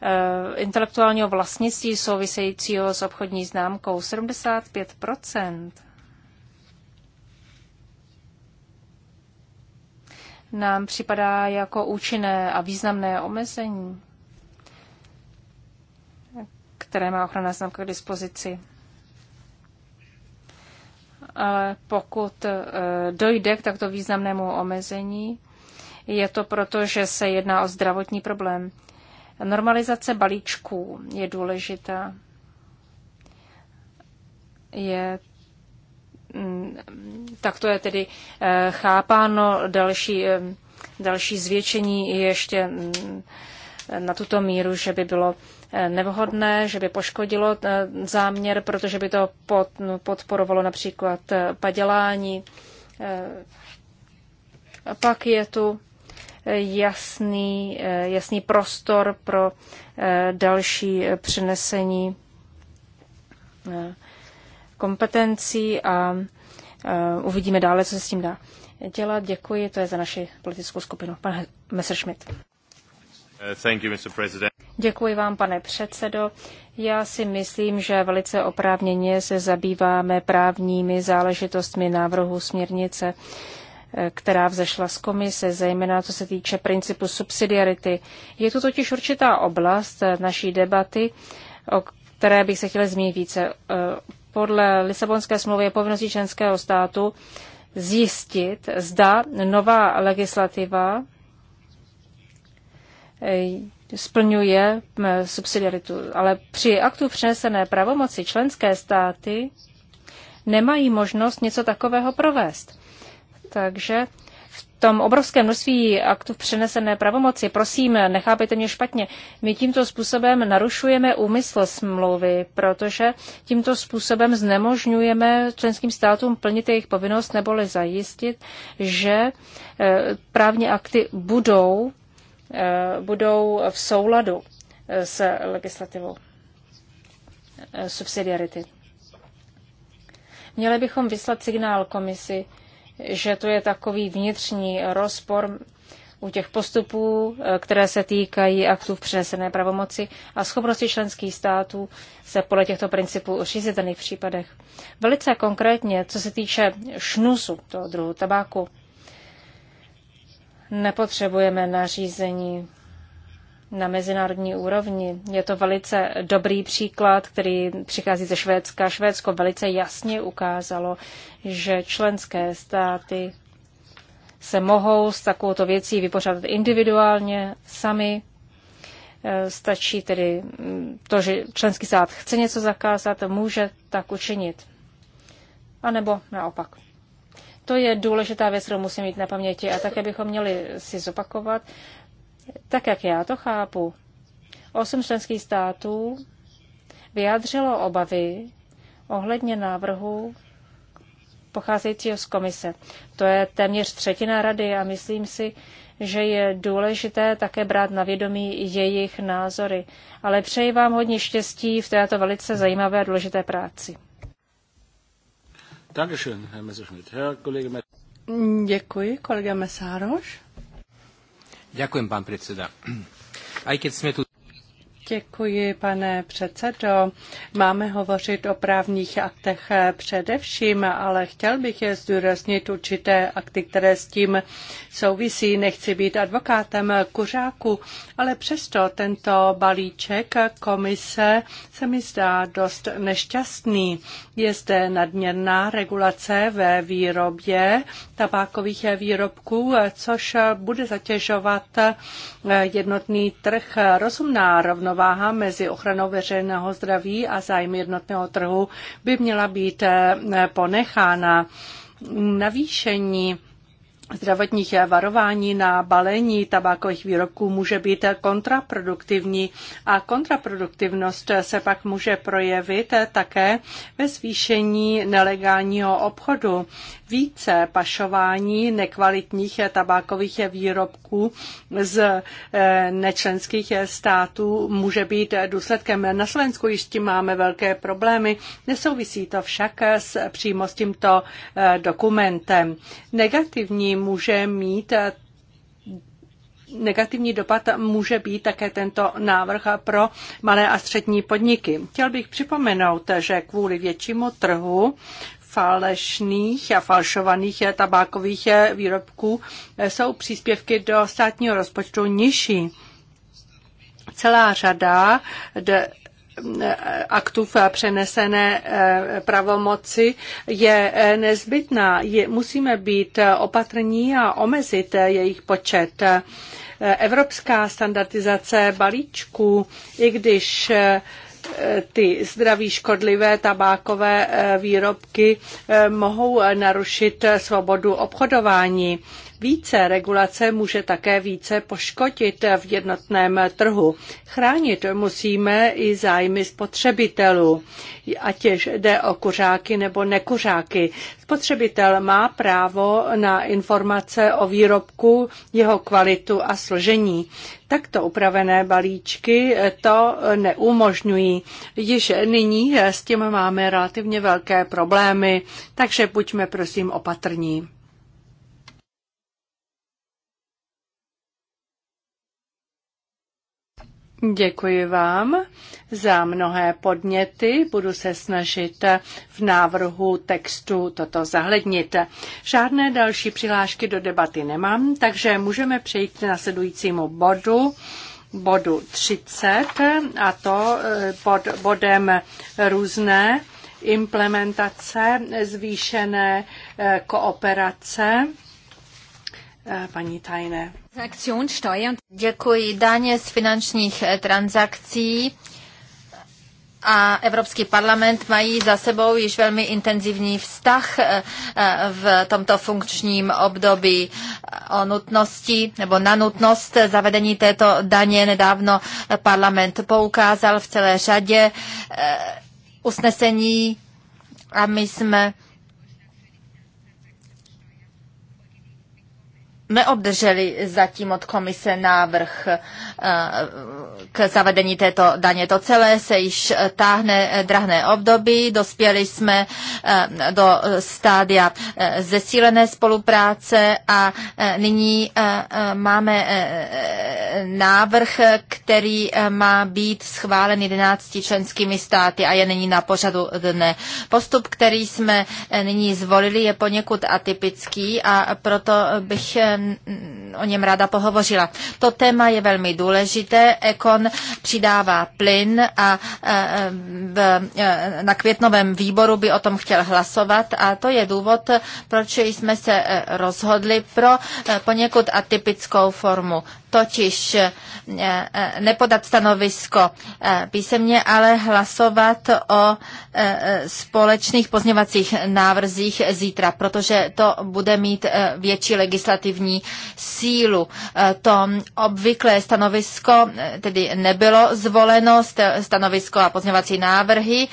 Speaker 3: e, intelektuálního vlastnictví souvisejícího s obchodní známkou, 75 nám připadá jako účinné a významné omezení, které má ochrana známka k dispozici. Ale pokud e, dojde k takto významnému omezení, je to proto, že se jedná o zdravotní problém. Normalizace balíčků je důležitá. Je Mm, tak to je tedy eh, chápáno. Další, eh, další zvětšení ještě mm, na tuto míru, že by bylo eh, nevhodné, že by poškodilo záměr, protože by to no, podporovalo například padělání. A pak je tu jasný, jasný prostor pro další přenesení kompetencí a uvidíme dále, co se s tím dá dělat. Děkuji, to je za naši politickou skupinu. Pan Messerschmidt. Uh,
Speaker 1: thank you, Mr. President.
Speaker 3: Děkuji vám, pane předsedo. Já si myslím, že velice oprávněně se zabýváme právními záležitostmi návrhu směrnice, eh, která vzešla z komise, zejména co se týče principu subsidiarity. Je tu totiž určitá oblast naší debaty, o které bych se chtěla zmínit více. Eh, podle Lisabonské smlouvy je povinností členského státu zjistit, zda nová legislativa eh, splňuje eh, subsidiaritu. Ale při aktu přenesené pravomoci členské státy nemají možnost něco takového provést. Takže tom obrovském množství aktů v přenesené pravomoci, prosím, nechápejte mě špatně, my tímto způsobem narušujeme úmysl smlouvy, protože tímto způsobem znemožňujeme členským státům plnit jejich povinnost neboli zajistit, že eh, právní akty budou, eh, budou v souladu eh, s legislativou subsidiarity. Měli bychom vyslat signál komisi, že to je takový vnitřní rozpor u těch postupů, eh, které se týkají aktů v přenesené pravomoci a schopnosti členských států se podle těchto principů řízit v případech. Velice konkrétně, co se týče šnusu, toho druhu tabáku, nepotřebujeme nařízení na mezinárodní úrovni. Je to velice dobrý příklad, který přichází ze Švédska. Švédsko velice jasně ukázalo, že členské státy se mohou s takovouto věcí vypořádat individuálně, sami. E, stačí tedy mm, to, že členský stát chce něco zakázat, může tak učinit. A nebo naopak. To je důležitá věc, kterou musíme mít na paměti. A také bychom měli si zopakovat, tak jak já to chápu, osm členských států vyjádřilo obavy ohledně návrhu pocházejícího z komise. To je téměř třetina rady a myslím si, že je důležité také brát na vědomí jejich názory. Ale přeji vám hodně štěstí v této velice zajímavé
Speaker 1: a důležité práci. Děkuji, kolega Mesároš. Děkuji, pan předseda. Aj keď jsme tu... Děkuji, pane předsedo. Máme hovořit o právních aktech především, ale chtěl bych je zdůraznit určité akty, které s tím souvisí. Nechci být advokátem kuřáku, ale přesto tento balíček komise se mi zdá dost nešťastný. Je zde nadměrná regulace ve výrobě tabákových výrobků, což bude zatěžovat jednotný trh rozumná rovnováha rovnováha mezi ochranou veřejného zdraví a zájmy jednotného trhu by měla být eh, ponechána. Navýšení zdravotních varování na balení tabákových výrobků může být kontraproduktivní a kontraproduktivnost se pak může projevit také ve zvýšení nelegálního obchodu více pašování nekvalitních tabákových výrobků z eh, nečlenských států může být důsledkem. Na Slovensku již tím máme velké problémy. Nesouvisí to však s, přímo s tímto eh, dokumentem. Negativní může mít negativní dopad může být také tento návrh pro malé a střední podniky. Chtěl bych připomenout, že kvůli většímu trhu falešných a falšovaných eh, tabákových eh, výrobků eh, jsou příspěvky do státního rozpočtu nižší. Celá řada aktů v přenesené pravomoci je nezbytná. Je, musíme být opatrní a omezit jejich počet. Evropská standardizace balíčků, i když ty zdraví škodlivé tabákové eh, výrobky eh, mohou eh, narušit svobodu obchodování. Více regulace může také více poškodit v jednotném trhu. Chránit musíme i zájmy spotřebitelů, ať jde o kuřáky nebo nekuřáky. Spotřebitel má právo na informace o výrobku, jeho kvalitu a složení. Takto upravené balíčky to neumožňují. Již nyní s tím máme relativně velké problémy, takže buďme prosím opatrní. Děkuji vám za mnohé podněty. Budu se snažit v návrhu textu toto zahlednit. Žádné další přihlášky do debaty nemám, takže můžeme přejít k nasledujícímu bodu bodu 30 a to e, pod bodem různé implementace zvýšené e, kooperace Eh, paní Tajné. Děkuji.
Speaker 2: Daně z finančních eh, transakcí a Evropský parlament mají za sebou již velmi intenzivní vztah eh, v tomto funkčním období o nutnosti nebo na nutnost zavedení této daně. Nedávno parlament poukázal v celé řadě usnesení a my jsme neobdrželi zatím od komise návrh eh, k zavedení této daně. To celé se již táhne drahné období. Dospěli jsme eh, do stádia eh, zesílené spolupráce a nyní máme návrh, který má být schválen 11 členskými státy a je nyní na pořadu dne. Postup, který jsme nyní zvolili, je poněkud atypický a proto bych o něm ráda pohovořila. To téma je velmi důležité. Ekon přidává plyn a e, e, e, na květnovém výboru by o tom chtěl hlasovat a to je důvod, proč jsme se rozhodli pro poněkud atypickou formu totiž eh, eh, nepodat stanovisko eh, písemně, ale hlasovat o společných pozněvacích návrzích zítra, protože to bude mít větší legislativní sílu. To obvyklé stanovisko tedy nebylo zvoleno, stanovisko a pozněvací návrhy,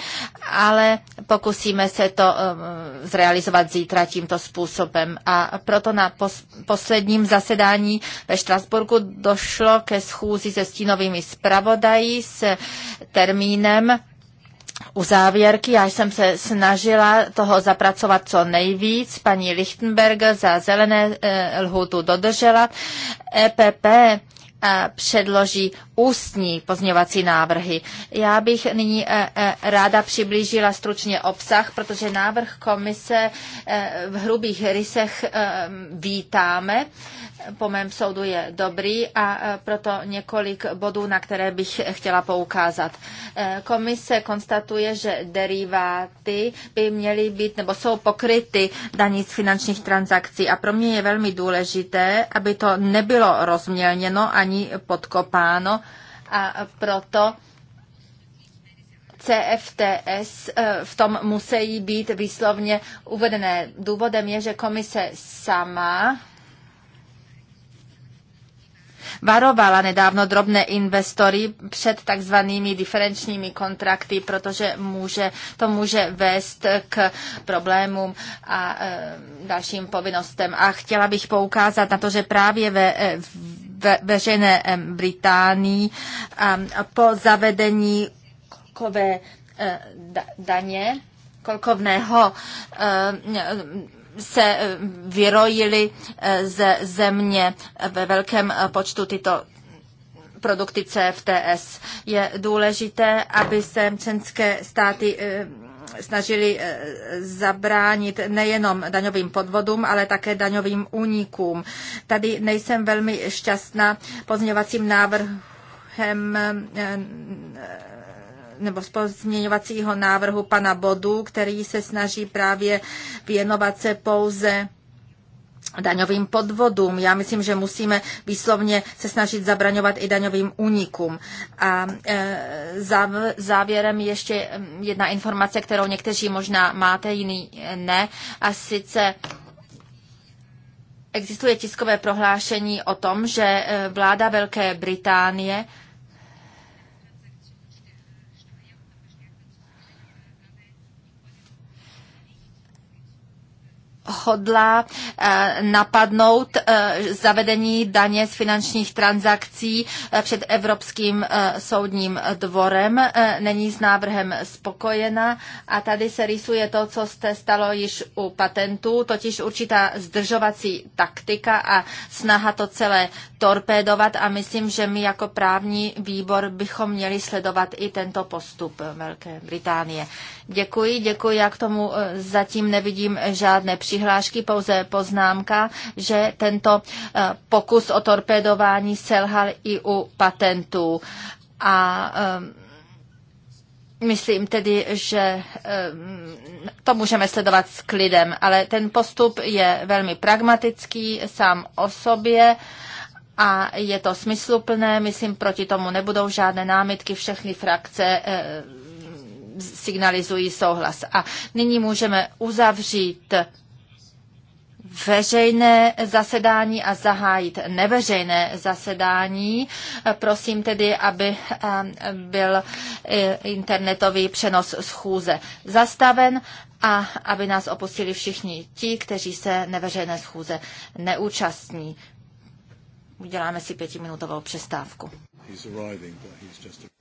Speaker 2: ale pokusíme se to zrealizovat zítra tímto způsobem. A proto na posledním zasedání ve Štrasburku došlo ke schůzi se stínovými zpravodají s termínem u závěrky. Já jsem se snažila toho zapracovat co nejvíc. Paní Lichtenberg za zelené eh, lhutu dodržela. EPP eh, předloží ústní pozměňovací návrhy. Já bych nyní eh, ráda přiblížila stručně obsah, protože návrh komise v hrubých rysech vítáme po mém soudu je dobrý a e, proto několik bodů, na které bych chtěla poukázat. E, komise konstatuje, že deriváty by měly být nebo jsou pokryty daní z finančních transakcí a pro mě je velmi důležité, aby to nebylo rozmělněno ani podkopáno a proto CFTS e, v tom musí být výslovně uvedené. Důvodem je, že komise sama varovala nedávno drobné investory před takzvanými diferenčními kontrakty, protože může, to může vést k problémům a e, dalším povinnostem. A chtěla bych poukázat na to, že právě ve e, ve, veřejné e, Británii po zavedení kolkové daně, kolkovného se eh, vyrojily eh, ze země ve velkém eh, počtu tyto produkty CFTS. Je důležité, aby se členské státy snažili zabránit nejenom daňovým podvodům, ale také daňovým únikům. Tady nejsem velmi šťastná pozměňovacím návrhem nebo z pozměňovacího návrhu pana Bodu, který se snaží právě věnovat se pouze daňovým podvodům. Já myslím, že musíme výslovně se snažit zabraňovat i daňovým únikům. A e, závěrem ještě jedna informace, kterou někteří možná máte, jiný ne. A sice existuje tiskové prohlášení o tom, že e, vláda Velké Británie hodlá eh, napadnout eh, zavedení daně z finančních transakcí eh, před Evropským soudním dvorem. Není s návrhem spokojena a tady se rysuje to, co jste stalo již u patentů, totiž určitá zdržovací taktika a snaha to celé torpédovat a myslím, že my jako právní výbor bychom měli sledovat i tento postup Velké Británie. Děkuji, děkuji, jak tomu zatím nevidím žádné přihlášení přihlášky, pouze poznámka, že tento eh, pokus o torpedování selhal i u patentů. A eh, Myslím tedy, že eh, to můžeme sledovat s klidem, ale ten postup je velmi pragmatický sám o sobě a je to smysluplné. Myslím, proti tomu nebudou žádné námitky, všechny frakce signalizují souhlas. A nyní můžeme uzavřít veřejné zasedání a zahájit neveřejné zasedání. Prosím tedy, aby eh, byl eh, internetový přenos schůze zastaven a aby nás opustili všichni ti, kteří se neveřejné schůze neúčastní. Uděláme si pětiminutovou přestávku.
Speaker 1: He's arriving, but he's just